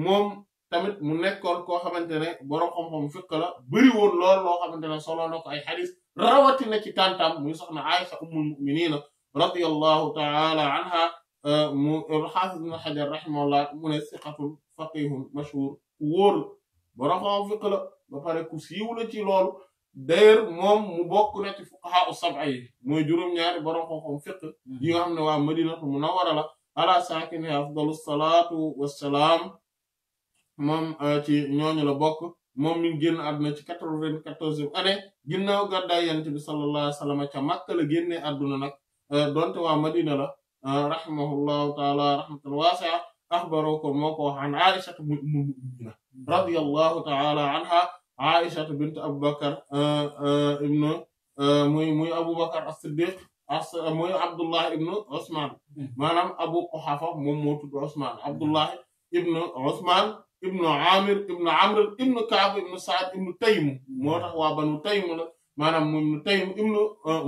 mom tamit mu nekkon ko xamantene borom xam-xam fekk la bëri won lool lo xamantene solo na ko ay rawati na ci tantam muy soxna Aisha ummul mu'minin radiyallahu taala anha mu xaafis ibn Hajar rahimahullah mu ne siqatun faqihun mashhur wóor boroom xam-xam la ba pare ku siiw ci loolu d'ailleurs mom mu bokku na ci fuqaha as-sab'a jurum mooy juróom borom xam-xam hmm. yi nga xam ne waa mu nawara la ala saakini afdalu salatu wassalam mom euh, ci ñooñu la bokku mom mi ngi génn àdduna ci 94e ane ginnaw gadda yantu bi sallallahu alayhi wasallam ca Makka la genné aduna nak euh, donte wa madina la euh, rahmuhullahu taala rahmatul wasi'a axbaroo moko han ko mu Aisha hmm. taala anha عائشه بنت ابو بكر ابن موي موي ابو بكر الصديق موي عبد الله ابن عثمان مانام ابو قحافه موم مو عثمان عبد الله ابن عثمان ابن عامر ابن عمرو ابن كعب ابن سعد ابن تيم موتاخ وا بنو تيم مانام موي تيم ابن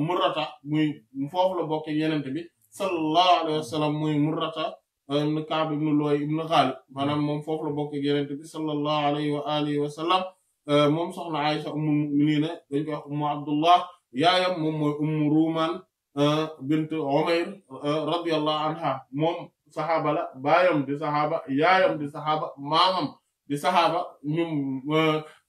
مرتا موي فوف لا بوك يننت بي صلى الله عليه وسلم موي مرتا ابن كعب ابن لوي ابن خالد مانام موم فوف لا بوك يننت بي صلى الله عليه واله وسلم mom soxna Aisha ummul mu'minin dañ koy wax ummu Abdullah yaayam mom moy ummu ruman bint Umayr radiyallahu anha mom sahaba la bayam di sahaba yaayam di sahaba mamam di sahaba ñum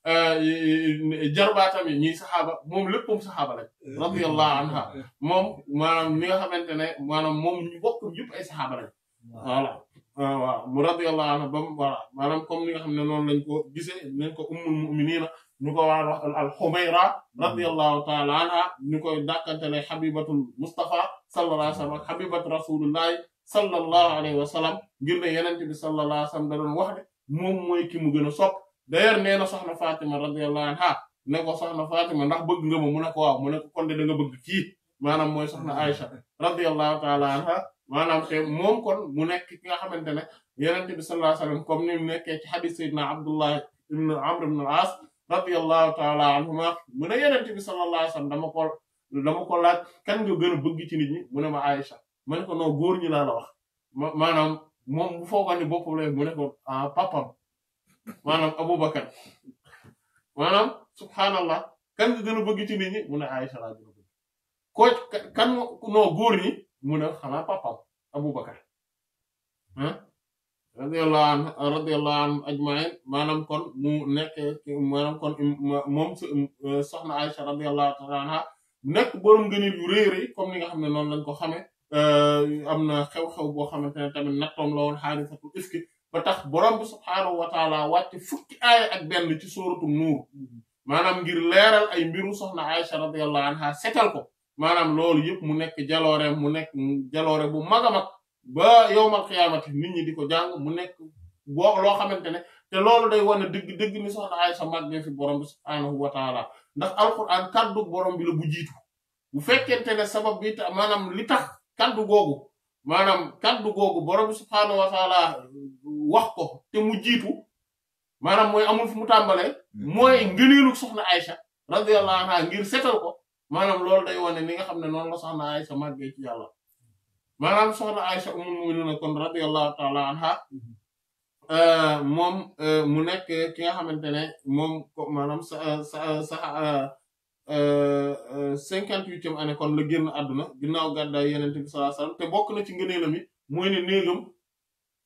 euh jarba yi ñi sahaba mom leppum sahaba la radiyallahu anha mom manam mi nga xamantene manam mom ñu bokku ñup ay sahaba la voilà waaw mu radiyallahu anhu bam voilà maanaam ni nga xam ne noonu lañ ko gisee nañ ko ummul mu'minina ñu ko waa wax al Humayra radiyallahu ta'ala anha ñu koy dàkkantele habibatul Mustafa sallallahu alayhi wa sallam ak habibat rasulullahi sallallahu alayhi wa sallam ngir ne yenente bi sallallahu alayhi wa sallam da doon wax ne mooy ki mu gën so sopp d'ailleurs nee na soxna Fatima radiyallahu anha ne ko soxna Fatima ndax bëgg nga ma mu ne ko waaw mu ne ko kon de da nga bëgg kii maanaam mooy soxna Aisha radiyallahu ta'ala anha maanaam te moom kon mu nekk ki nga xamante ne yenente bi sallallahu alayhi wasallam comme ni mu nekkee ci xadis abdullah ibn amr ibn al-as radiyallahu anhuma mu ne yenente bi sallallahu alayhi wasallam dama ko dama ko laaj kan nga gën a ñi mu ma Aïcha ma ko non góor ñi laa la wax maanaam moom bu foogoon ne boppam ko ah, papam maanaam abubakar maanaam subhaanallah kan nga gën a ñi mu ne Aïcha ko kan non góor ñi mu xana xanaa papaam Abu Bakar ah radiyallahu anhu radiyallahu ajma'in manam kon mu nek manam kon mom eh, soxna Aisha radiyallahu ta'ala anha nek borom gëneel yu reere comme ni nga xamne non lañ ko xamé eh, am amna xew-xew bo xamantene tamit nattoom la woon xaarisatul ifki ba tax borom bi subhaanahu wa ta'ala wàcce fukki ay ak ben ci sóoratu nur manam mm-hmm. ngir leral ay mbiru soxna Aisha radiyallahu anha setal ko maanaam loolu yëpp mu nekk jaloore mu nekk jaloore bu mag a mag ba yowmal xiyaamati nit ñi di ko jàng mu nekk boo loo xamante ne te loolu day wane dëgg dëgg ni soxna Aysa fi borom bi subhaanahu ndax alquran kaddu borom bi la bu jiitu bu fekkente ne sabab bi maanaam li tax kaddu googu maanaam kaddu googu borom bi subhaanahu wa wax ko te mu jiitu maanaam mooy amul fu mu tàmbalee hmm. mooy ngëneelu soxna Aysa radiyallahu anha ngir setal ko maanaam loolu day wane ni nga xam ne noon la soxna Aysa màggee ci yàlla maanaam soxna Aysa ummul mu'minin kon euh, moom euh, mu nekk ki nga xamante ne moom maanaam sa sa sa euh, cinquante huitième année kon la génn àdduna ginnaaw gàddaay yenente bi sallallahu alayhi wasallam te bokk na ci ngëneelam yi mooy ne néegam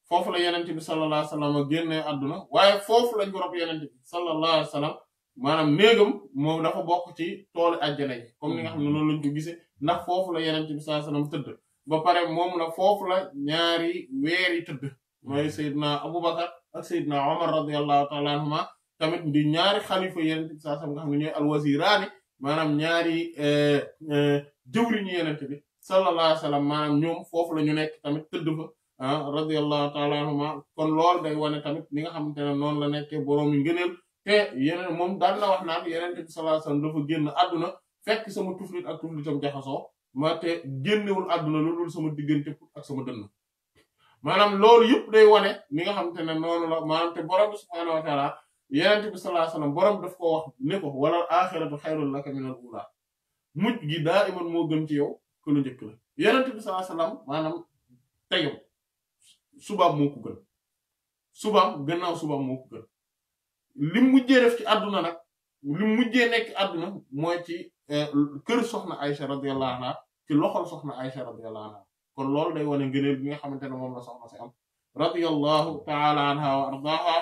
foofu la yenente bi sallallahu alayhi wasallam génnee àdduna waaye foofu lañ ko rob yenente bi sallallahu alayhi maanaam néegam moom dafa bokk ci toolu àjjana yi comme ni nga xam ne mm-hmm. noonu lañ ko gisee ndax foofu la yenente bi sallallahu alayhi tëdd ba pare moom la foofu la ñaari yi tëdd mooy mm-hmm. Seydina Abubakar ak Seydina Omar radiyallahu taala tamit di ñaari xalifa yenente bi sallallahu alayhi wasallam nga xam ne ñooy alwaziraani maanaam ñaari eh, eh, jëwriñu yenente bi sallallahu alayhi wasallam maanaam ñoom foofu la ñu nekk tamit tëdd fa ah radiyallahu taala kon loolu day wane tamit li nga xamante ne noonu la nekkee boroomi ngëneel te moom daana la wax naan yeneen bi sallallahu alayhi dafa génn àdduna fekk sama tuflit ak tuflitam jaxasoo ma te génnewul àdduna loolu sama diggante ak sama dënn maanaam loolu yëpp day wane ni nga xamante ne noonu la maanaam te borom bi subhaanahu wa ta'ala yeneen bi sallallahu alayhi wasallam borom daf ko wax ne ko wala axiratu xayrun moo gën ci yow ko lu njëkk la yeneen bi sallallahu alayhi wasallam maanaam subaam gannaaw subaam moo ko gën li mu mujjee def ci àdduna nag li mu mujjee nekk àdduna mooy ci eh, kër soxna Aysa radiyallahu anha ci loxol soxna Aysa radiyallahu anha kon loolu day wane ngëneel bi nga xamante ne moom la soxna si am radiyallahu ta'ala anha wa ardaaha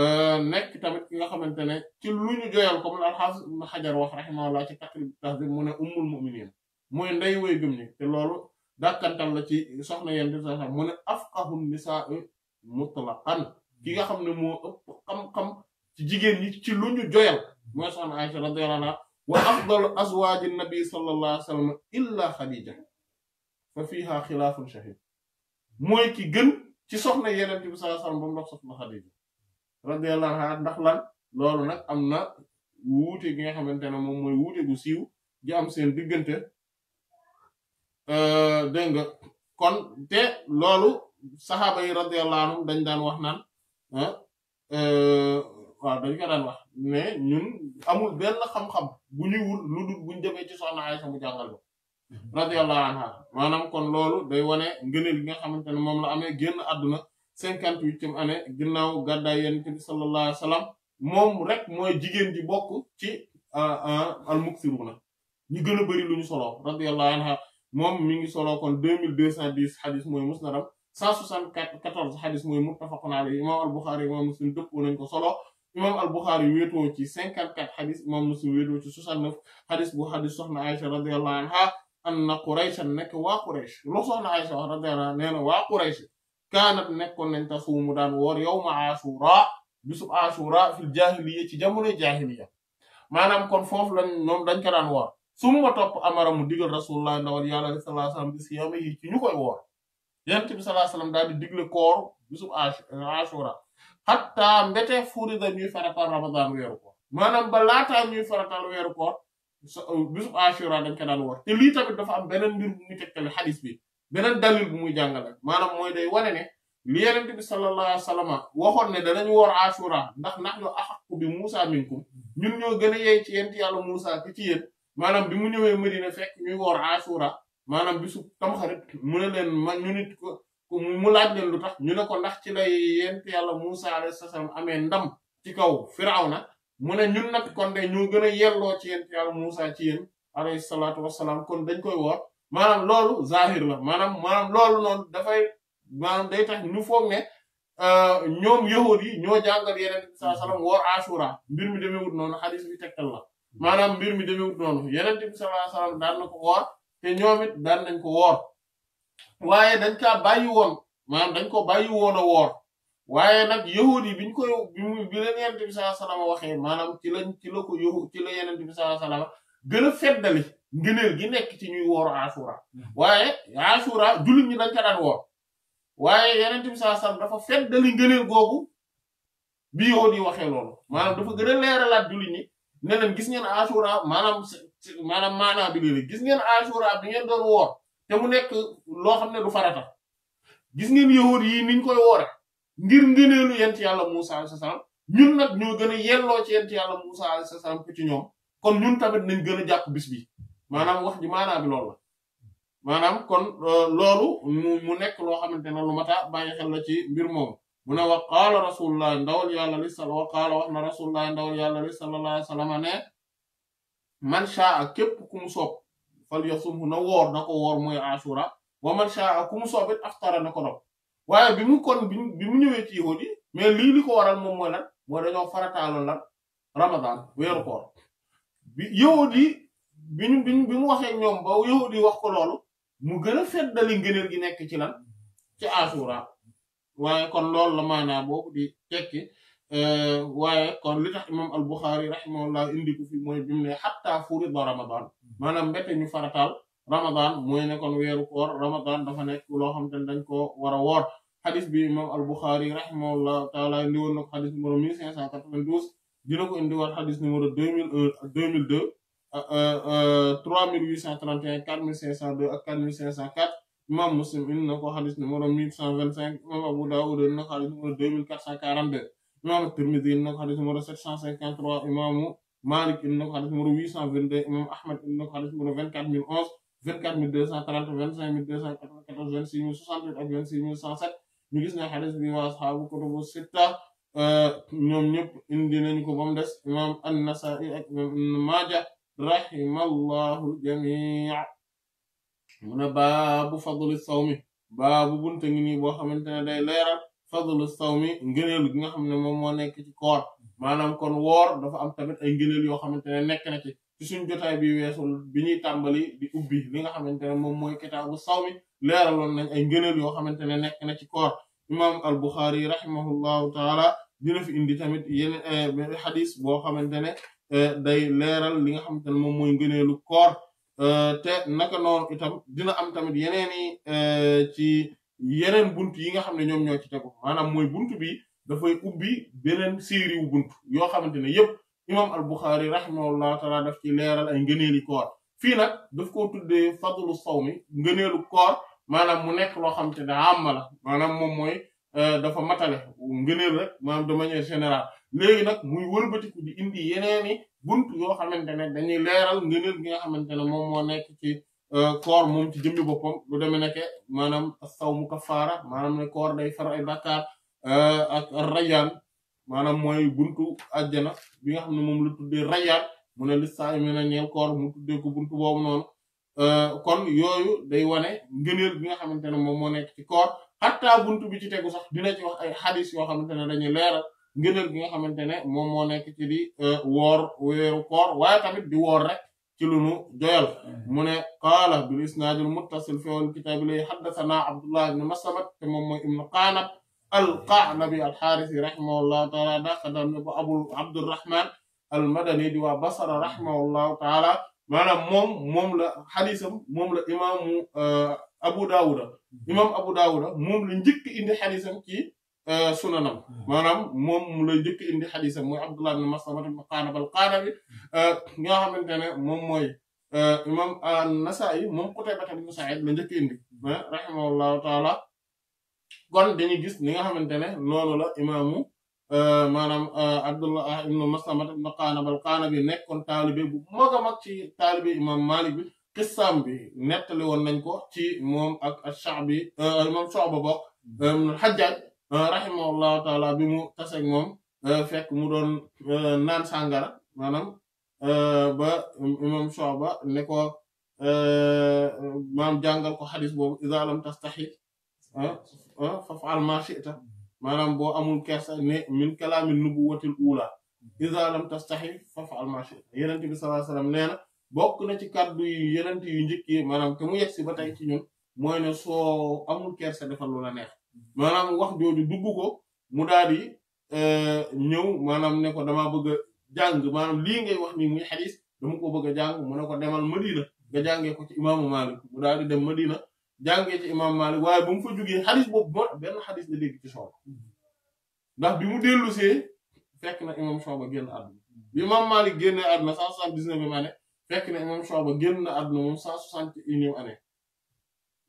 eh, nekk tamit ki nga xamante ne ci lu ñu joyal comme al-Hafiz Ibn Hajar wax rahimahullah ci Taqrib Tahdhib mu ne ummul mu'minin mooy ndey way gëm ni te loolu dàkkantal la ci soxna yeen di sax mu ne afqahun nisaa mutlaqan ki nga xam ne moo xam ci jigéen ñi ci lu ñu joyal mooy soxna Aisha radiyallahu anha wa afdalu azwaaji nabi sallallahu wa sallam illa Khadija fa fiha xilaafun shahid mooy ki gën ci soxna yeneen bi sallallahu alayhi wa ndax lan loolu nag am na wuute gi nga xamante ne moom mooy wuute gu siiw gi am seen diggante euh, dégg nga kon te loolu saxaaba yi radiyallahu anhum dañ daan wax naan ah, euh, waa dañ ko daan wax mais ñun amul benn xam-xam bu ñuy wul lu dul buñ demee ci soxna Aysa mu jàngal ko radiyallahu anha maanaam kon loolu day wane ngëneel gi nga xamante ne moom la amee génn àdduna cinquante-huitième année ginnaaw gàddaay yonent bi sallallahu alayhi wa sallam moom rek mooy jigéen ji bokk ci ah, ah, al muksiruna ñu gën a bari lu ñu soloo radiyallahu anha moom mi ngi soloo kon deux mille deux cent dix xadis mooy musnadam cent soixante-quatorze xadis mooy muttafaqun ko solo imam al-Bukhari wéetoo ci cinquante quatre xadis imam Muslim wéetoo ci soixante neuf xadis bu xadis soxna Aisha radiyallahu anha anna Qurayshan nekk waa Quraysh lu soxna Aisha radiyallahu anha nee na waa Quraysh kaanat nekkoon nañ tasuumu daan woor yawma Ashura bisub Ashura fil jaahiliyya ci jamonoy jaahiliyya maanaam kon foofu la ñoom dañ ko daan woor summa topp amara mu digal rasulullah ndawal yàlla sallallahu alayhi wasallam bi siyaama yi ci ñu koy daal di digle koor bisub Ashura xatta mbete furida ñuy faratal ramadan weeru koor maanaam ba laataa ñuy faratal weeru koor uh, bisub ashura dañ ko daan woor te lii tamit dafa am beneen mbir bu muy tekkale xadis bi beneen dalil bu muy jàngale maanaam mooy day wane ne li yenent bi sallallahu alayhi wasallam waxoon ne danañu woor ashura ndax nahnu ahaqqu bi Musa minkum ñun ñoo gën a yey ci yent yàlla Musa ki ci maanaam bi mu ñëwee Madina fekk ñuy woor ashura maanaam bisub tamxarit mu ne leen mu laaj leen lu tax ñu ne ko ndax ci lay yent yàlla Musa alayhi salaam amee ndam ci kaw na mu ne ñun nag kon de ñu gën a yelloo ci yent yàlla Musa ci yéen alayhi salaatu wassalaam kon dañ koy woor maanaam loolu zahir la maanaam maanaam loolu noonu dafay maanaam day tax ñu foog ne euh, ñoom yahuud yi ñoo jàngal yeneen bi sallallahu alayhi wasallam mbir mi demewut noonu xadis bi tegtal la maanaam mbir mi demewut noonu yeneen bi sallallahu daan na ko woor te ñoom daan nañ ko woor waaye dañ kaa bàyyi woon maanaam dañ ko bàyyi woon a woor waaye nag yahudi yi biñ koy bi leen yenente bi sallallahu alayhi wasallam waxee maanaam ci lañ ci la ko yahu ci la yenente bi sallallahu alayhi wasallam gën a feddali ngëneel gi nekk ci ñuy woor asura hmm. waaye asura jullit ñi dañ ko daan woor waaye yenente bi sallallahu alayhi wasallam dafa feddali ngëneel googu bi yahudi yi waxee loolu maanaam dafa gën a leeralaat jullit ñi ne leen gis ngeen asura maanaam maanaam maanaa bi léeg gis ngeen asura bi ngeen doon woor té mu nek lo xamné du farata gis ngeen yahoud yi niñ koy woore ngir ngeenelu yent yalla Musa sallam ñun nak ñu gëna yello ci yent yalla Musa sallam ci ñoom kon ñun tamit nañ gëna japp bis bi manam wax ji manam bi lool la manam kon euh, loolu mu nek lo xamante lu mata baye xel la ci mbir mom mu na wa qala rasulullah ndawul yalla li qala wa rasulullah ndawul yalla li sallallahu alayhi wasallam ne man shaa kep ku mu sopp fal yasumhu na woor na ko woor mooy ashura wa man sha'a ku mu soobit aftara na waaye bi mu kon bi mu ñëwee ci yahuudi mais lii li ko waral moom mooy lan mooy dañoo farataaloon lan ramadan weeru koor bi bi mu waxee ñoom ba yahuudi wax ko loolu mu gën a feddali ngëneel gi nekk ci lan ci ashura waaye kon loolu la maanaa boobu di tekki waaye kon li tax imam al-Bukhari rahimahullah indi ko fi mooy bi mu ne xatta furida ramadan maanaam mbete ñu farataal ramadan mooy ne kon weeru koor ramadan dafa nekk loo xam te ne dañ ko war a woor xadis bi imam al-Bukhari rahimahullah taala indi woon na ko xadis numéro 1592 dina ko indi woon xadis numéro 2001 ak 2002 3831 4502 ak 4504 imam Muslim indi na ko xadis numéro 1125 imam Abu Dawud indi na ko xadis numéro 2442 imam at-Tirmidhi indi na ko xadis numéro 753 imaamu Malik indi na ko xadis numéro 822 imam Ahmad indi na ko xadis numéro 24011 24230 25294 26068 ak 26107 ñu gis ne xadis bi waa asxaabu kutubu sitta ñoom ñëpp indi nañu ko ba mu des imam an-Nasa'i ak imam Ibn Maaja rahimallahu al-jamii' mu ne baabu fadli sawmi baabu bunte ngi nii boo xamante ne day leeral fadlu sawmi ngëneelu gi nga xam ne moom moo nekk ci koor maanaam kon woor dafa am tamit ay ngëneel yoo xamante ne nekk na ci ci suñu jotaay bi weesul bi ñuy tàmbali di ubbi li nga xamante ne moom mooy kitaabu sawmi leeraloon nañ ay ngëneel yoo xamante ne nekk na ci koor imaam al buxaari rahimahullahu taala dina fi indi tamit yeneen eh, xadis boo xamante ne eh, day leeral li nga xamante ne moom mooy ngëneelu koor eh, te naka noonu itam dina am tamit yeneeni ci yeneen bunt yi nga xam ne ñoom ñoo ci tegu maanaam mooy bunt bi dafay ubbi beneen série wu bunt yoo xamante ne yëpp imam al-Bukhârî rahimahullahu taala daf ci leeral ay ngëneeli koor fii nag daf koo tuddee fadlu sawmi ngëneelu koor maanaam mu nekk loo xamante ne àmma la moom mooy euh, dafa matale ngëneel rek maanaam de manière générale léegi nag muy wëlbatiku di indi yeneeni bunt yoo xamante ne dañuy leeral ngëneel gi nga xamante ne moom moo nekk Euh, koor moom ci jëmmi boppam lu demee nekk maanaam sawmu kafaara maanaam ne koor day far ay bàkkaar euh, ak rayaan maanaam mooy buntu àjjana bi nga xam ne moom la tuddee rayaan mu ne lissaa mi na ñeel koor mu tuddee ko buntu boobu noonu euh, kon yooyu day wane ngëneel bi nga xamante ne moom moo nekk ci koor xattaa buntu bi ci tegu sax dina ci wax ay xadis yoo xamante ne dañuy leeral ngëneel bi nga xamante ne moom nekk ci di woor weeru koor waaye tamit di woor rek ci lu nu doyal mm-hmm. mu ne qaala bil isnaadil muttasil fi wal kitaab li haddasanaa Abdullah ibn Maslamat te moom mooy ibn Qa'nab al-Qa'nabi al-Haarisi rahimahullahu taala daqatam ne ko Abu Abdurrahman al-Madani di waa Basra rahimahullahu taala maanaam moom moom la xadisam moom la imaamu euh, Abu Dawuda mm-hmm. imam Abu Dawuda moom la njëkk indi xadisam ci Euh, sunanam maanaam moom mu lay njëkk indi xadisam mooy Abdullah ibn Maslama ibn Qa'nab qanabi euh, moom mooy euh, imam an moom Qutayba ibn Sa'id gis ni nga xamante ne loolu la maanaam Abdullah ibn Maslama nekkoon taalibe bu mag a mag ci taalibe imam Malik bi qissaam bi nettali woon nañ ko ci moom ak ash-Sha'bi imam Shu'ba bokk Hajjaj Euh, rahimahullahu taala bi mu taseeg moom euh, fekk mu doon euh, naan sàngara maanaam ba imam ba ne ko maam jàngal ko xadis boobu iza lam tastahi ah, ah, faf'al ma shi'ta maanaam boo amul kersa ne min kalaami nubuwatil ula iza lam tastahi faf'al ma shi'ta yonent bi sallallahu alayhi wasallam nee na bokk na ci kaddu yi yonent yu njëkk yi maanaam mu yegg si ba tey ci ñun mooy soo amul kersa defal lu neex maanaam wax jooju dugg ko mu daal di euh, ñëw maanaam ne ko damaa bëgg jàng maanaam lii ngay wax ni muy xadis dama ko bëgg a jàng mu ne ko demal Madina ga jàngee ko ci imaamu Malik mu daal di dem Madina jàngee ci imaamu Malik waaye ba mu fa jógee xadis boobu benn xadis la dégg ci Shu'ba ndax bi mu dellusee fekk na imam Shu'ba génn àdduna bi imam Malik génnee àdduna 179 année fekk na imam Shu'ba génn àdduna moom 161 année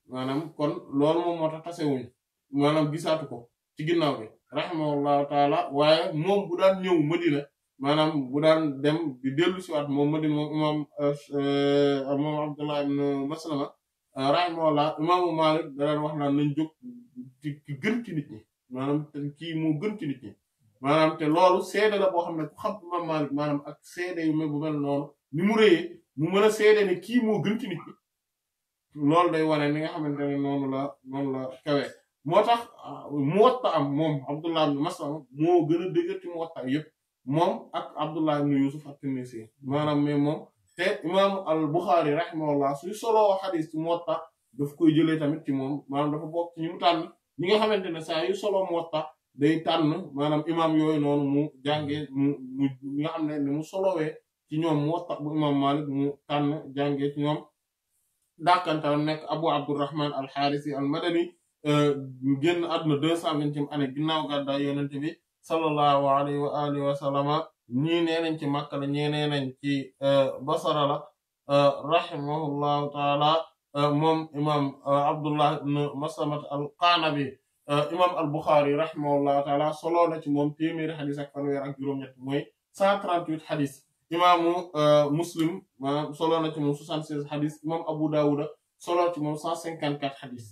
maanaam kon loolu moom moo tax maanaam gisaatu ko ci ginnaaw bi rahimahullahu taala waaye moom bu daan ñëw Madina maanaam bu daan dem di dellu si waat moom Madina moom imaam euh, euh, moom Abdullah ibn Maslama euh, imaamu Maalik da daan wax naan nañ jóg gën ci nit ñi maanaam kii moo gën ci nit ñi maanaam te loolu seede la boo xam ne ku xam imaam Maalik maanaam ak seede yu mel bu mel noonu ni mu rëyee mu mën a seede ne kii moo gën ci nit ñi loolu day wane ni nga xamante ne noonu la noonu la kawe moo tax ah, Muwatta am moom Abdullah ibn moo gën a dëgër ci Muwatta yëpp moom ak Abdullah ibn Yusuf at-Tinnisi maanaam mais moom te imam al-Bukhari rahimahullah suy soloo xadis ci Muwatta daf koy jëlee tamit ci moom maanaam dafa bokk ci ñu mu tànn ñi nga xamante ne saa yu soloo Muwatta day tànn maanaam imam yooyu noonu mu jàngee mu mu ñi ni mu solowee ci ñoom Muwatta bu imam Malik mu tànn jàngee ci ñoom dàkkantal nekk Abu Abdurrahman al-Harisi Euh, génn àdduna de cent vingtième année ginnaaw gàddaay yonent bi sallallahu alayhi wa alihi wa sallama ñii nee nañ ci Makka la ñii nee nañ ci euh, Basra la euh, rahimahullahu taala moom imam Abdullah ibn Maslamat al-Qanabi imam al-Bukhari rahimahullahu taala solo na ci moom téeméeri xadis ak fanweer ak juróom-ñett mooy cent trente-huit xadis imaamu Muslim solo na ci moom soixante-seize xadis imam Abu Dawuda solo ci moom cent cinquante-quatre xadis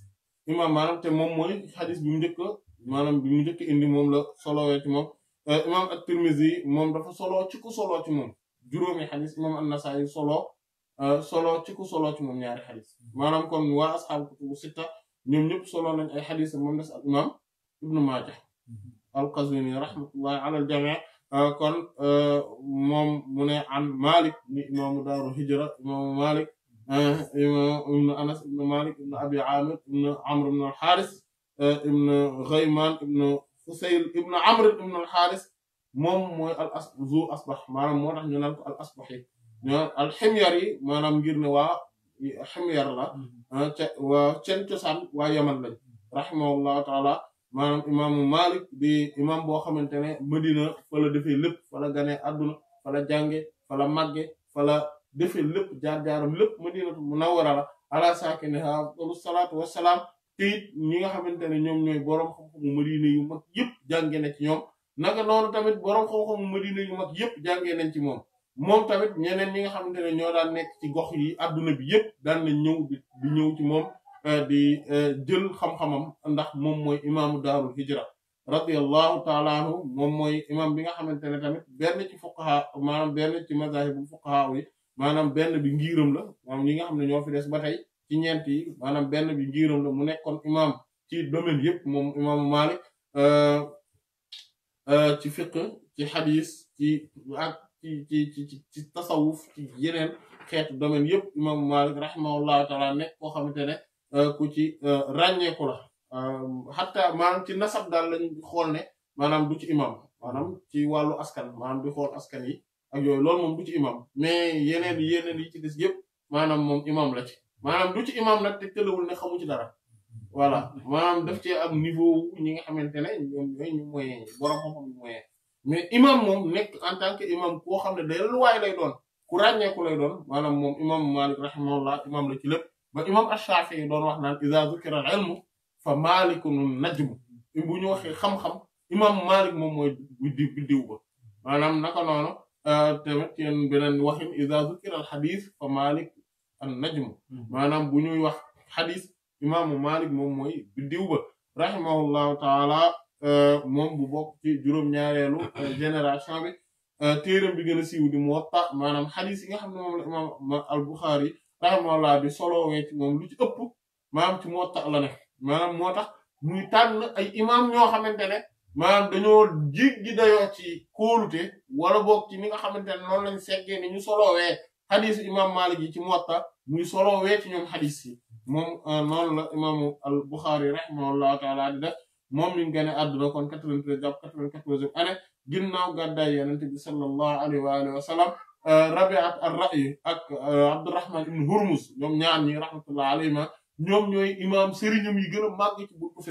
imaam maanaam te moom mooy xadis bi mu njëkk maanaam bi mu njëkk indi moom la solo ci moom euh, imaam at moom dafa solo ci ku solo ci moom juróomi xadis imaam an-Nasa'i solo euh, solo ci ku solo ci moom ñaari xadis maanaam kon waa ashaabu kutubu sitta ñoom ñëpp solo nañ ay xadis moom des ak imaam Ibn Maaja al-Qazwini rahmatullahi ala al-jamii euh, kon moom mu ne an Malik ni imaamu daaru hijra imaamu Malik ibn Anas ibn Malik ibn Abi Amir ibn Amr ibn Ghayman ibn Fusayl ibn Amr ibn al moom mooy al as zu asbax maanaam moo tax ñu naan al asbaxi ñoo alximyar yi maanaam ngir ne waa ximyar la ca waa seen cosaan waa yaman lañ rahimahullahu taala maanaam imaamu Malik di imam boo xamante ne Madina fa la defee lépp fa adduna fa la jànge fa defee lépp jaar-jaaram lépp madinatu munawwara la ala saakinihaa afdalu salaatu wassalaam te ñi nga xamante ne ñoom ñooy boroom xam-xamu madina yu mag yëpp jàngee na ci ñoom naka noonu tamit boroom xam yu mag yëpp jàngee nañ ci moom moom tamit ñeneen ñi nga xamante ne ñoo daan nekk ci gox yi adduna bi yëpp daal nañ ñëw di ñëw ci moom euh, di euh, jël xam-xamam ndax moom mooy imaamu daarul hijra radiyallahu taala anhu moom mooy imaam bi nga xamante ne tamit benn ci fuqaha maanaam benn ci mazahibul fuqaha yi maanaam benn bi ngiiram la moom ñi nga xam ne ñoo fi des ba tey ci ñeent yi maanaam benn bi ngiiram la mu nekkoon imam ci domaine yëpp moom imaamu Maalik euh, euh, ci fiqh ci xadis ci ak ci ci yeneen xeetu domaine yëpp imaamu Maalik rahimahullahu nekk koo xamante ne euh, ku ci ràññeeku la xatta maanaam ci nasab daal lañ xool ne maanaam du ci imam maanaam ci wàllu askan maanaam du xool askan yi a yooyu loolu moom du ci imam mais yeneen yeneen yi ci des yëpp maanaam moom imam la ci maanaam du ci imam nag te tëlawul ne xamu ci dara voilà maanaam def cee am niveau ñi nga xamante ne ñoom ñooy ñu moyen mais moom nekk en tant que imam koo xam ne day luwaay lay ku ràññeeku lay doon maanaam moom Malik rahimahullah imam la ci lépp ba imam Ash-Shafi'i doon wax naan iza zukira a ilmu fa malikun najmu bu ñu waxee xam-xam imam Malik moom mooy biddiw ba maanaam naka noonu tamit yeen beneen waxin iza zukira al xadis fa malik an najm maanaam bu ñuy wax xadis imaamu malik moom mooy biddiw ba rahimahullahu taala moom bu bokk ci juróom-ñaareelu génération bi téeram bi gën a siiw di Muwatta maanaam xadis yi nga xam ne moom la imaam al-Bukhari rahimahullah bi solo wee ci lu ci ëpp maanaam ci Muwatta la ne maanaam moo tax muy tànn ay imaam ñoo xamante ne maanaam dañoo jéggi dayoo ci kóolute wala boog ci ni nga xamante ne noonu lañ seggee ni ñu solowee xadis imam Malik yi ci Muwatta muy solowee ci ñoom xadis yi moom euh, noonu la imaamu al Buxaari rahimahullahu taala di def moom liñ gane àdduna kon 93 jàpp 94e année ginnaaw gàddaay Yonent bi sallallahu alayhi wa alihi wa sallam euh, Rabi'at ar-Ra'y ak euh, Abdurrahman ibn Hurmuz ñoom ñaar ñi rahmatullahi alayhima ñoom ñooy imam sëriñam yi gën a màgg ci buntu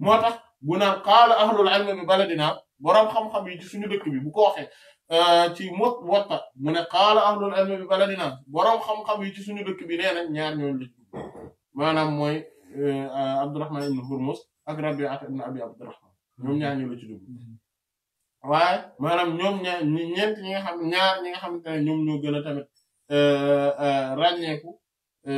moo tax bu naan qaala ahlul ilmi bi baladina boroom xam-xam yi ci suñu dëkk bi bu ko waxee euh, ci mot wotta mu ne qaala ahlul ilmi bi baladina boroom xam-xam yi ci suñu dëkk bi nee nañ ñaar ñooñu la maanaam mooy euh, Abdurrahman ibn Hurmuz ak Rabi'at ibn Abi Abdurrahman ñoom ñaar ñoo la ci dugg waaye maanaam ñoom ñaar ñeent ñi nga xam ñaar ñi nga xamante ne ñoom ñoo gën a tamit euh, ràññeeku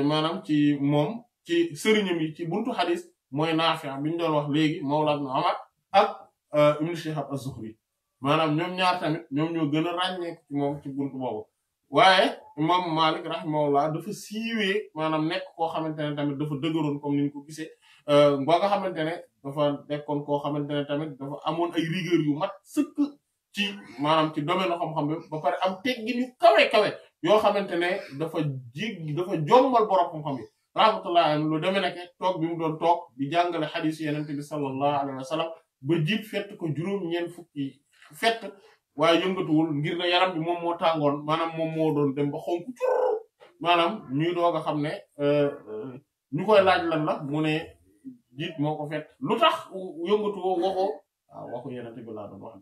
maanaam ci moom ci sëriñam yi ci buntu xadis mooy Naafi' bi ñu doon wax léegi mawla Ibn Umar ak euh, Ibn Shihab az maanaam ñoom ñaar ñoom ñoo gën a ràññee ci moom ci buntu boobu waaye imam Malik rahimahullah maanaam nekk koo xamante ne tamit dafa dëgëroon comme ni ñu ko gisee euh, ba nga xamante ne dafa nekkoon koo xamante ne tamit dafa amoon ay rigueur yu mat sëkk ci maanaam ci domaine xam-xam bi ba pare am teggin yu kawe kawe yoo xamante ne dafa jéggi dafa jombal borom xam-xam yi rahmatullahi alayhi lu demee nekk toog bi mu doon toog di jàngale xadis yeneen bi sallallahu alayhi wa ba jiit fett ko juróom-ñeent fukki fett waaye yëngatuwul ngir na yaram bi moom moo tàngoon maanaam moom moo doon dem maanaam ñuy doog a xam ne euh, ñu koy laaj lan la mu ne jiit ko lu tax yëngatuwoo ah, yeneen bi laa doon wax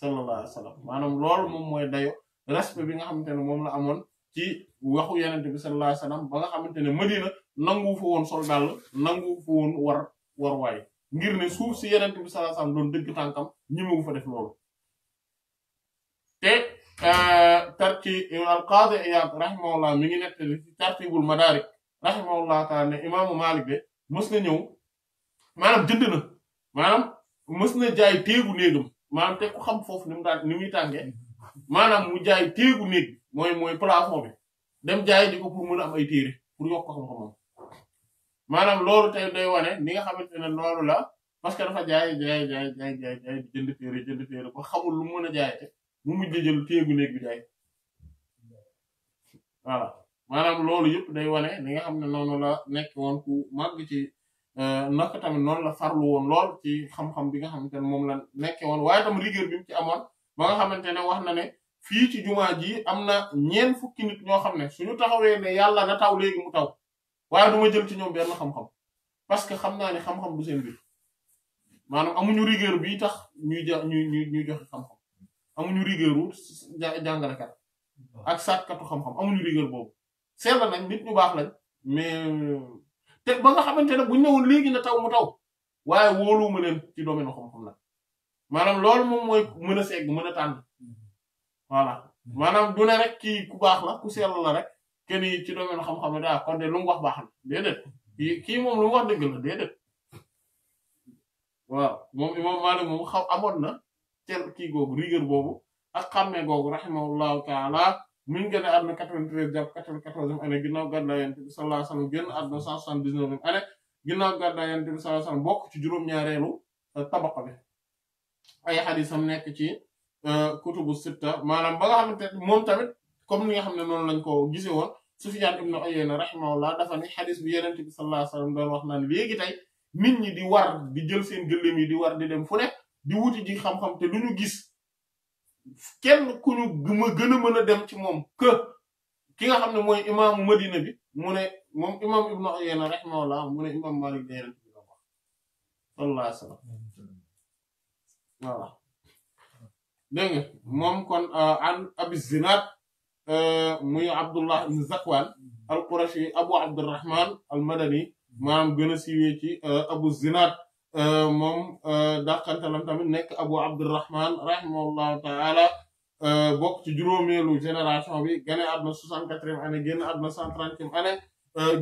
sallallahu alayhi wa sallam mooy dayo respect bi nga xamante ne moom la amoon ci waxu yeneen bi sallallahu alayhi wa ba nga xamante ne Madina nangu fa woon sol nangu fa woon war ngir ne suuf si yeneen bi sallallahu alayhi doon dëgg tànkam ñi mu fa def loolu te euh, tarki al qaadi Iyaad rahimahullah mi ngi nekk ci tartibul madaarik rahimahullah taala ne imaamu Maalik de mës na ñëw maanaam jënd na mës na jaay téegu néegam maanaam te ku xam foofu ni mu daan ni tàngee maanaam mu jaay téegu néeg mooy mooy plafond bi dem jaay di ko pour mën a am ay téere pour yokk ko xam maanaam loolu tey day wane ni nga xamante ne loolu la parce que dafa jaay jaay jaay jaay jaay jaay di jënd téere jënd téere ba xamul lu mën a jaay mu mujj jël téye bu néeg bi loolu yëpp day wane ni nga xam ne noonu la nekk woon ku màgg ci euh, naka tamit noonu la farlu woon lool ci xam-xam bi nga xamante ne moom la nekke woon waaye tam rigueur bi mu ci amoon ba nga xamante ne wax na ne fii ci jumaa ji am na ñeent fukki nit ñoo xam ne suñu taxawee ne yàlla na taw léegi mu taw. waaye du jël ci ñoom benn xam-xam parce que xam naa ne xam-xam du seen biir maanaam amuñu rigueur bii tax ñuy ja ñuy ñuy ñuy joxe xam-xam amuñu rigueur wu jàngalekat ak sàkkatu xam amuñu rigueur boobu seetla nañ nit ñu baax lañ mais te ba nga xamante ne bu ñëwul léegi na taw mu taw waaye ma leen ci domaine xam-xam la maanaam loolu moom mooy mën a segg mën a tànn mm-hmm. voilà mm-hmm. maanaam du rek kii ku baax la ku seetlu la rek kenn ci domaine xam-xam ne daa kon de lu kii moom lu mu wax dëgg la déedéet waaw moom imam moom xaw amoon na tel kii googu rigueur boobu ak xàmmee googu rahimahullahu taala min gën a àdduna 93 jàpp 94e année ginnaaw gàddaa yonent bi sallallahu alayhi wasallam génn àdduna 179e année ginnaaw gàddaa yonent bi sallallahu alayhi bokk ci juróom-ñaareelu euh, tabaqa bi ay xadisam nekk ci euh, kutubu sitta maanaam ba nga xamante moom tamit comme xam ne noonu lañ ko gisee woon Sufyaan ibn Uyayna rahimahullah dafa ne xadis bi Yonent bi sallallahu alayhi wa sallam doon wax naan léegi nit ñi di war di jël seen gëléem yi di war di dem fu ne di wuti ji xam-xam te lu ñu gis kenn ku ñu gën a mën a dem ci moom kër ki nga xam ne mooy imaamu Madina bi mu ne moom imaam ibn Uyayna rahimahullah mu ne imaam Maalik bi Yonent bi doon wax sallallahu alayhi wa moom kon euh, an Abi muy abdullah ibn zakwan al qurashi abu abdurrahman al madani manam gëna a siiwee ci abu zinaad mom dàqantalam tamit nek abu abdurrahman rahimahullahu taala bok ci juromelu génération bi gane àdduna soixante-quatrième année génn àdduna cent trentième année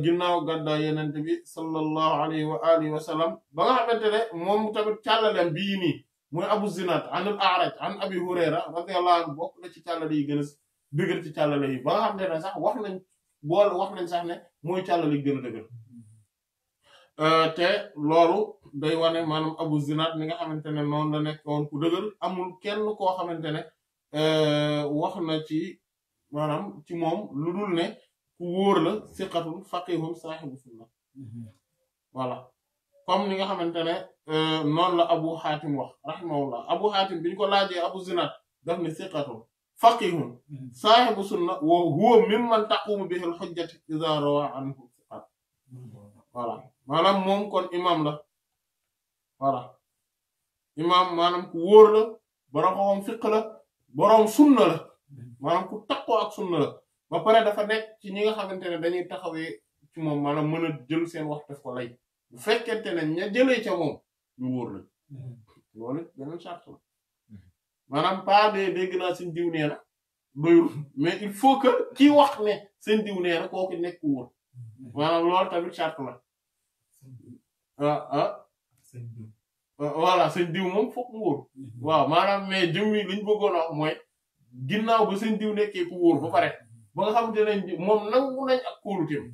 ginnaaw gaddaa yenente bi sallallahu alayhi wa alihi wa salam ba nga xamantene mom tamit càllalem bi ni mooy abu zinaad an al a'raj an abi hurayra radiyallahu anhu bok na ci càllale yi gën dëgër ci càllale yi ba nga xam ne sax wax nañ bool wax nañ sax ne mooy càllale yi gën a dëgër euh, te loolu day wane maanaam abu zinaat mi nga xamante ne noonu la nekkoon ku dëgër amul kenn koo xamante ne euh, wax na ci maanaam ci moom lu dul ne ku wóor la siqatun faqihun saahibu sunna voilà comme ni nga xamante ne euh, noonu la abu xaatim wax rahimahullah abu xaatim biñ ñu ko laajee abu zinaat daf ne siqatun faqihun hmm. saahibu sunna wa huwa man taqumu bihi al-hujjatu idha rawa anhu thiqat voilà maanaam moom kon imam la voilà imam maanaam ku wóor la boroom fiq la boroom sunna la maanaam ku taqoo ak sunna la ba pare dafa nekk ci ñi nga xamante ne dañuy taxawee ci moom maanaam mën a jël seen wax def lay bu fekkente ne ña jëlee ca moom ñu wóor la hmm. maanaam pas de dégg naa seen diw mais il faut que kii wax ne seen diw nee na kooku nekk woon maanaam loolu tamit charte la ah ah. ah voilà seen diw moom foog mu wóor mhm. waaw maanaam mais jëmmi li ñu bëggoon a wax mooy ginnaaw ba seen diw ku wóor ba pare ba nga xamante ne moom nangu nañ ak kóoluteem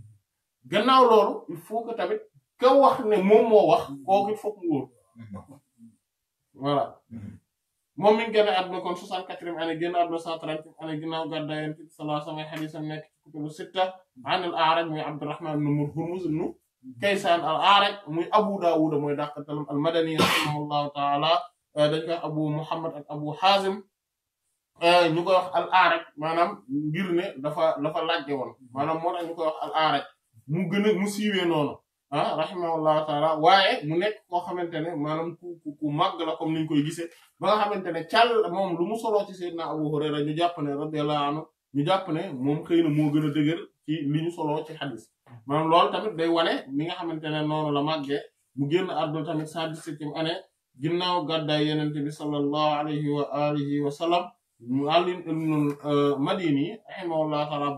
gannaaw loolu il faut que tamit ka wax ne moom moo wax kooku foog mu wóor mhm. voilà. Mhm. moom mi ngi génn àdduna kon 64e année génn àdduna 130e année ginnaaw gàddaay Yonent bi sallallahu alayhi wa sallam ay hadiisam nekk ci kutubu sitta an al-A'raj muy Abdurrahman ibn Hurmuz ibn Kaysan al-A'raj muy Abu Dawud muy dàqantalam al-Madani rahimahullahu ta'ala dañ koy wax Abu Muhammad ak Abu Hazim ñu koy wax al-A'raj maanaam ngir ne dafa dafa laajte woon maanaam moo tax ñu koy wax al-A'raj mu gën a mu siiwee noonu. ah rahimahullahu taala waaye mu nekk koo xamante ne maanaam ku ku màgg la comme ni ñu koy gisee ba nga xamante ne càll moom lu mu soloo ci Seydina Abu Hurayra ñu jàpp ne radiyallahu anhu ñu jàpp ne moom xëy na gën a dëgër ci li ñu soloo ci xadis maanaam lool tamit day wane ni nga xamante ne noonu la màggee mu génn àdduna tamit cent dix-septième année ginnaaw gàddaay yenente bi sallallahu alayhi wa alihi wa sallam mu Ali ibn al-Madini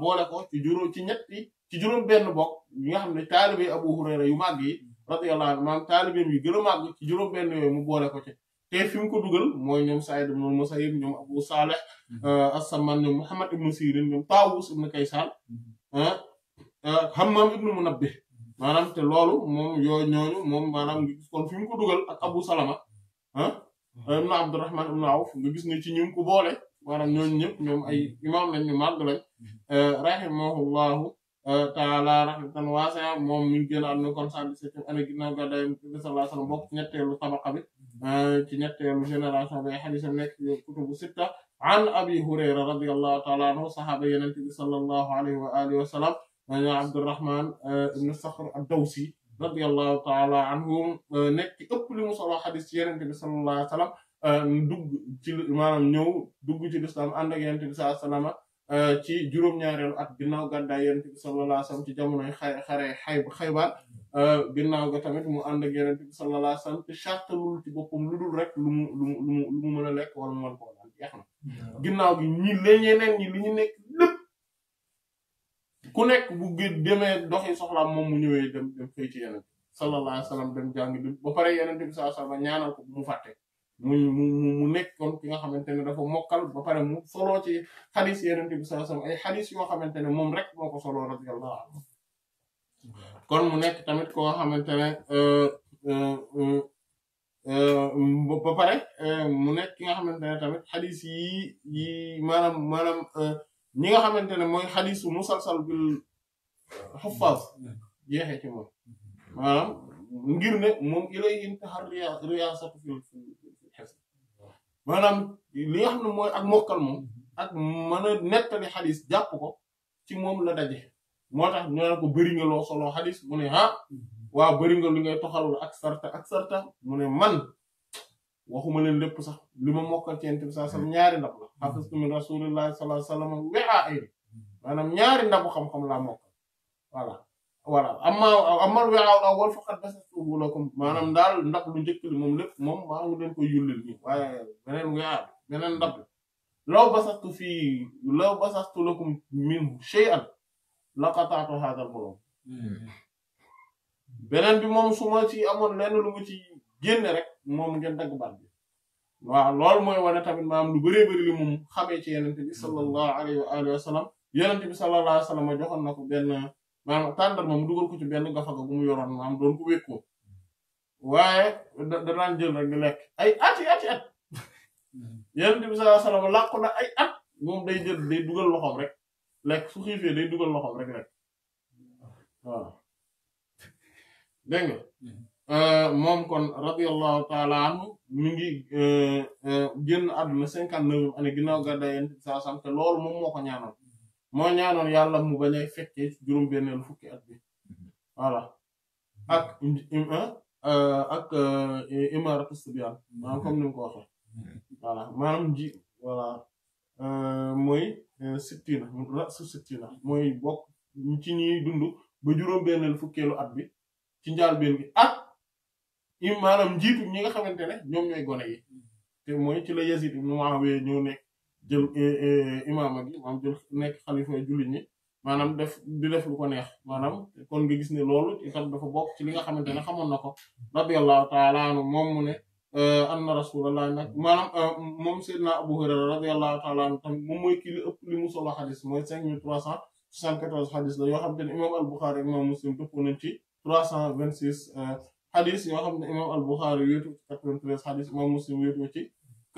boole ko ci juróom ci ñetti ci juróom benn bokk yi nga xam ne taalibe Abu Hurayra yu màgg yi radiyallahu anhu maanaam taalibe yu gën a màgg ci juróom benn yooyu mu boole ko ci te fi mu ko dugal mooy ñoom Sa'id ibn Musayyib ñoom Abu Salih mhm. euh, as-Samman ñoom Muhammad ibn Sirin ñoom Tawus ibn Kaysan mhm. euh, Hammam ibn Munabbih te loolu moom yooyu ñooñu moom maanaam nga kon fi mu ko dugal ak Abu Salama ah ibn Abdurrahman ibn Awf nga gis ci ñu ko boole maanaam ñooñu ñëpp ñoom ay imam lañ ñu màgg lañ euh, rahimahullahu Euh, taala rahmatan wasi'a moom mi ngi génn àdduna kon cent dix-septième année ginnaaw gàddaay Yonent bi sallallahu alayhi wa sallam bokk ci ñetteelu tabaqa bi euh, ci ñetteelu génération bi hadiisam nekk ci kutubu sitta an abi hurayra radiyallahu taala anhu sahaaba Yonent bi sallallahu alayhi wa alihi wa sallam ñu Abdurrahman euh, ibn Sakhr ad-Dawsi radiyallahu taala anhu nekk ci ëpp li mu solo hadiis ci Yonent bi sallallahu alayhi wa sallam dugg ci maanaam ñëw dugg ci lislaam ànd ak Yonent bi sallallahu alayhi wa sallam Euh, ci juróom-ñaareelu at ginnaaw gàddaay yonent bi sallallahu alayhi wasallam ci jamonoy xare xare Xaybar euh, ginnaaw ga tamit mu ànd ak yonent bi sallallahu alayhi wasallam lu dul rek lu mu lu mën a lekk wala mu gi ñi ñeneen ñi li ñu nekk lépp ku nekk bu demee doxi soxlaam mu ñëwee dem dem fay ci yonent bi sallallahu alayhi wasallam dem jàngi bi ba pare yonent bi sallallahu alayhi wasallam ñaanal ko bu mu fàtte mu mu mu nekk kon ki nga xamante ne dafa mokkal ba pare mu soloo ci xadis yenente bi sallallahu alayhi ay xadis yoo xamante ne moom rek moo ko soloo radiyallahu anhu kon mu nekk tamit koo xamante ne euh, euh, euh, ba pare mu nekk ki nga xamante ne tamit xadis yi yi maanaam maanaam ñi nga xamante ne mooy xadisu musalsal bil xuffaz yeexee ci moom maanaam ngir ne moom ilay intahar riyaasatu fil maanaam li nga xam ne mooy ak mokkal moom mhm. ak mën nettali xadis jàpp ko ci moom la daje moo tax ñu naan ko bëri nga loo mu ne ah mhm. waaw bëri nga li ngay toxalul ak sarta ak sarta mu ne man waxuma leen lépp sax li ma mokkal ci yonent bi sallallahu ñaari ndab la mhm. hafistu min rasulillahi sallallahu alayhi wasallam wi'a ay maanaam ñaari ndabu xam-xam laa mokkal voilà voilà amma amal weexal awal faqat basastuhu lakum maanaam daal ndab lu njëkk moom lépp moom maa ngi leen koy yullil nii waaye beneen ndab law basastu fii law basastu lakum minhu shay'an laqata'tu hadha al-qalam beneen bi moom su ma ci amoon lenn lu mu ci génne rek moom ngeen dagg baat bi waaw loolu mooy wane tamit maanaam lu bëree bëri li moom xamee ci yenente bi sallallahu alayhi wa alihi wa sallam yenente bi sallallahu alayhi wa sallam joxoon na ko benn maanaam tandar mom dugul ko ci benn gafa gu gumu yoron maanaam doon ko wekko waye da nañ jël rek di lek ay ati ati at yonent bi sallallahu alaihi wasallam làkk na ay at mom day jël day dugal loxom rek lek su xiifee day dugal loxom rek rek wa ah. dégg hmm. euh mom kon radiyallahu taala anhu mi ngi génn eh, eh, àdduna cinquante neuf ans ginnaaw gàddaay yonent bi sallallahu alaihi wasallam te loolu mom moko ñaanal moo ñaanoon yàlla mu bañ fekkee juróom-benneelu fukki at bi voilà ak euh, ak euh, imaratu subyan maanaam comme ni mu ko waxee voilà maanaam ji voilà euh, mooy sittina rasu sittina mooy bokk ci ñuy dund ba juróom-benneelu fukkeelu at bi ci njaalbeen bi ak i maanaam njiitu ñi nga xamante ne ñoom ñooy gone yi te mooy ci la bi ibn Muawiya ñëw nekk jël eh, eh, imaama gi maanaam jël nekk xalifa jullit ñi maanaam def di def lu ko neex maanaam kon nga gis ne loolu itam dafa bokk ci li nga xamante ne xamoon na ko radiyallahu taala anhu moom mu ne eh, anna rasulullah nag maanaam moom seydna abu hurayra radiyallahu taala anhu tamit mu solo xadis mooy cinq mille trois cent soixante-quatorze xadis la yoo xamante imam al imam muslim ci trois cent vingt-six xadis yoo xam ne imam al-bukhari wéetu quatre-vingt-treize xadis imam muslim wéetu ci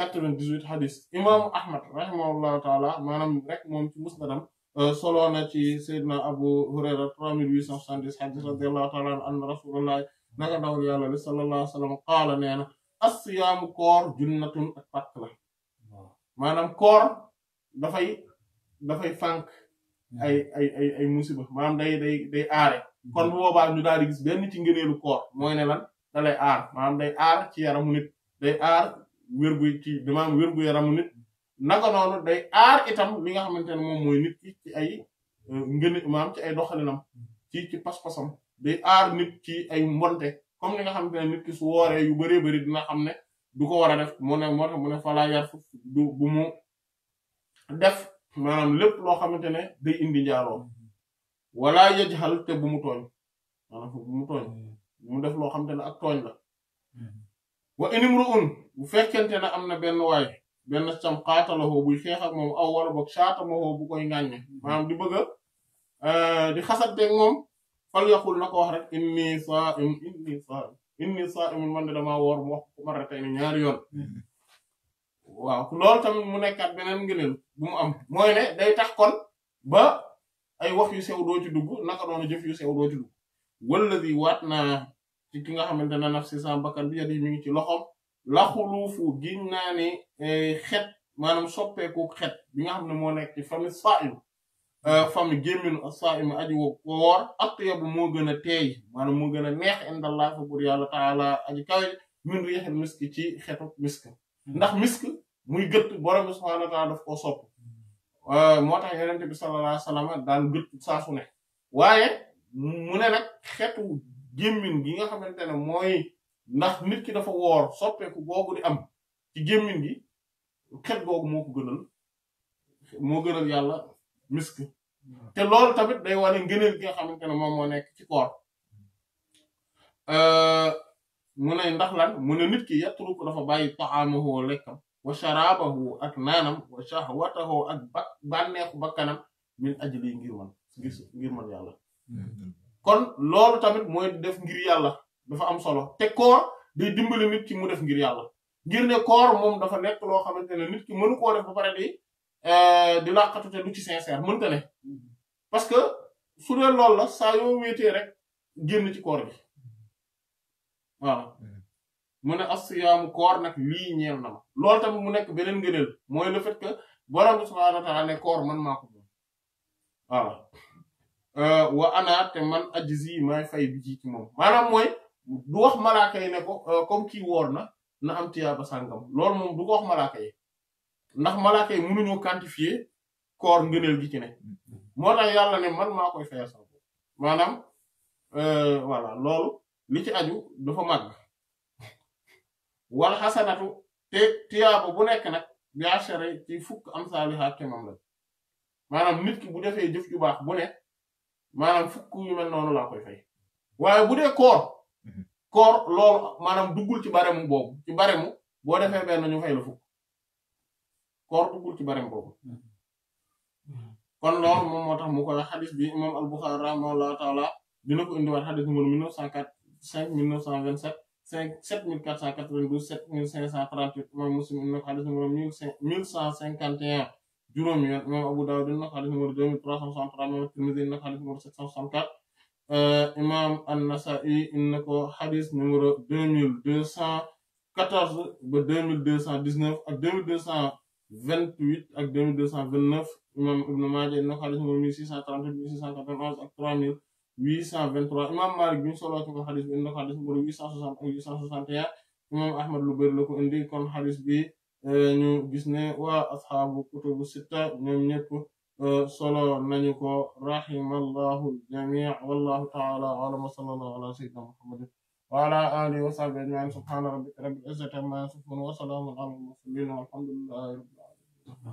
98 hadis imaamu Ahmad rahimahullahu taala maanaam rek moom ci musnadam euh, solo na ci Seydina Abu Hurayra 3870 hadis radiyallahu taala an anna rasulullah naka ndawal yàlla li sallallahu alayhi wa sallam qaala nee na koor junnatun ak pàkk la maanaam koor dafay dafay fànk ay hmm. ay ay ay musiba maanaam day day aare hmm. kon bu daal di gis benn ci ngëneelu koor mooy lan da aar maanaam day aar ci yaramu nit day aar wér gu ci bi maanaam wér gu yaramu nit naka noonu day aar itam li nga xamante ne moom mooy nit ki ci ay euh, ngën ci ay doxalinam ci ci pas-pasam day aar nit ci ay mbonte comme li nga xamante ne nit ki su wooree yu bëree bëri dina xam ne du ko war a def moo tax mu ne falaa yar fu bu mu def maanaam lépp loo xamante ne day indi njaaloo wala yajhal te bu mu tooñ maanaam bu mu tooñ bu mm. mu def loo xamante ne ak tooñ la mm. wa inimru'un bu fekkente ne am na benn waay benn cam xaatalahoo buy xeex ak moom aw wala boog saatamahoo bu koy ŋàññe maanaam di bëgg a euh, di xasanteeg moom fal yaqul na ko wax rek inni sa'im inni sa'im inni sa'imun man de damaa woor mu wax ko mara tey ni ñaari yoon waaw lool tamit mu nekkaat beneen ngëneel bu mu am mooy ne day tax kon ba ay wax yu sew doo dugg naka doon jëf yu sew doo dugg wala waat naa ci ki nga xamante ne a sa bakkan bi yadi mi ngi ci loxoom la xuluufu giñ naa ne eh, xet maanaam soppeeku xet bi nga xam ne moo nekk ci famille saa'im eh, famille gémminu as-saa'im aji moo gën a teey maanaam moo gën a neex indallah fa bur yàlla taala aji kawe min riihil misk ci xetu misk ndax misk muy gëtt borom bi subhaanahu wa taala daf koo sopp eh, moo tax yonent bi sallallaahu alayhi daal gëtt saa waaye mu ne nag xetu gémmin gi nga xamante ne mooy ndax nit ki dafa woor soppeeku boobu di am ci gémmiñ gi xet googu moo ko gënal moo gënal yàlla misk te loolu tamit day wane ngëneel gi nga xamante ne moom moo nekk ci koor euh, mu ne ndax lan mu ne nit ki yetturu ko dafa bàyyi taxaamahu lekkam wa sharaabahu ak naanam wa shahwatahu ak ba bànneexu bakkanam min ajli ngir man ngir ngir yàlla mm-hmm. kon loolu tamit mooy def ngir yàlla dafa am solo te koor day dimbali nit ci mu def ngir yàlla ngir ne koor moom dafa nekk loo xamante ne nit ki mënu koo def ba pare di eh, di làqatu te du ci sincère mënta ne parce que su dee loolu la saa yoo wéetee rek génn ci koor bi mu ne asiyaamu koor nag lii ñeel na ma loolu tamit mu nekk beneen ngëneel mooy le fait que borom bi subhaanahu koor man maa ko moom waaw eh, wa ana te man ajzi maay fay bi ci moom maanaam mooy du wax malaaka yi ne ko euh, comme kii woor na na am tiyaaba sàngam loolu moom du wax malaaka yi ndax malaaka yi mënuñoo quantifier koor ngëneel gi ci ne moo tax yàlla ne man maa koy fayal sax maanaam euh, voilà loolu li ci aju dafa màgg tiyaaba bu nekk nag biashare ci fukk am saalihaat te mam la maanaam nit ki bu defee jëf ju baax bu ne maanaam fukk yu mel noonu laa koy fay waaye bu dee koor Mhm. kor loolu manam duggul ci baremu bob ci baremu bo defé ben ñu fay la fukk kor duggul ci barem bob mhm. kon loolu mom motax mu koy hadith bi imam al-Bukhari rahmalahu taala dina ko indiwaat xadis numéro mille neuf cent quatre cinq mille neuf set imam Muslim indi na yoon Abu Dawud na ko numéro deux mille Tirmidhi na numéro Euh, imam an-Nasa'i indi na ko xadis numéro deux mille deux cent quatorze ba deux mille deux cent dix neuf ak deux mille deux cent vingt huit ak deux mille deux cent vingt neuf imam Ibn Maaja indi na ko xadis mille six cent trente mille six cent quatre vingt onze ak trois mille huit cent vingt trois imam Malik bi ñu soloo ci ko xadis bi indi na ko bi euh, ñu gis ne waa asxaabu kutubu sitta ñoom ñëpp صلوا نجيكو رحم الله الجميع والله تعالى علم صلى الله على سيدنا محمد وعلى آله وصحبه أجمعين سبحان ربك رب العزة ما يصفون وسلام على المرسلين والحمد لله رب العالمين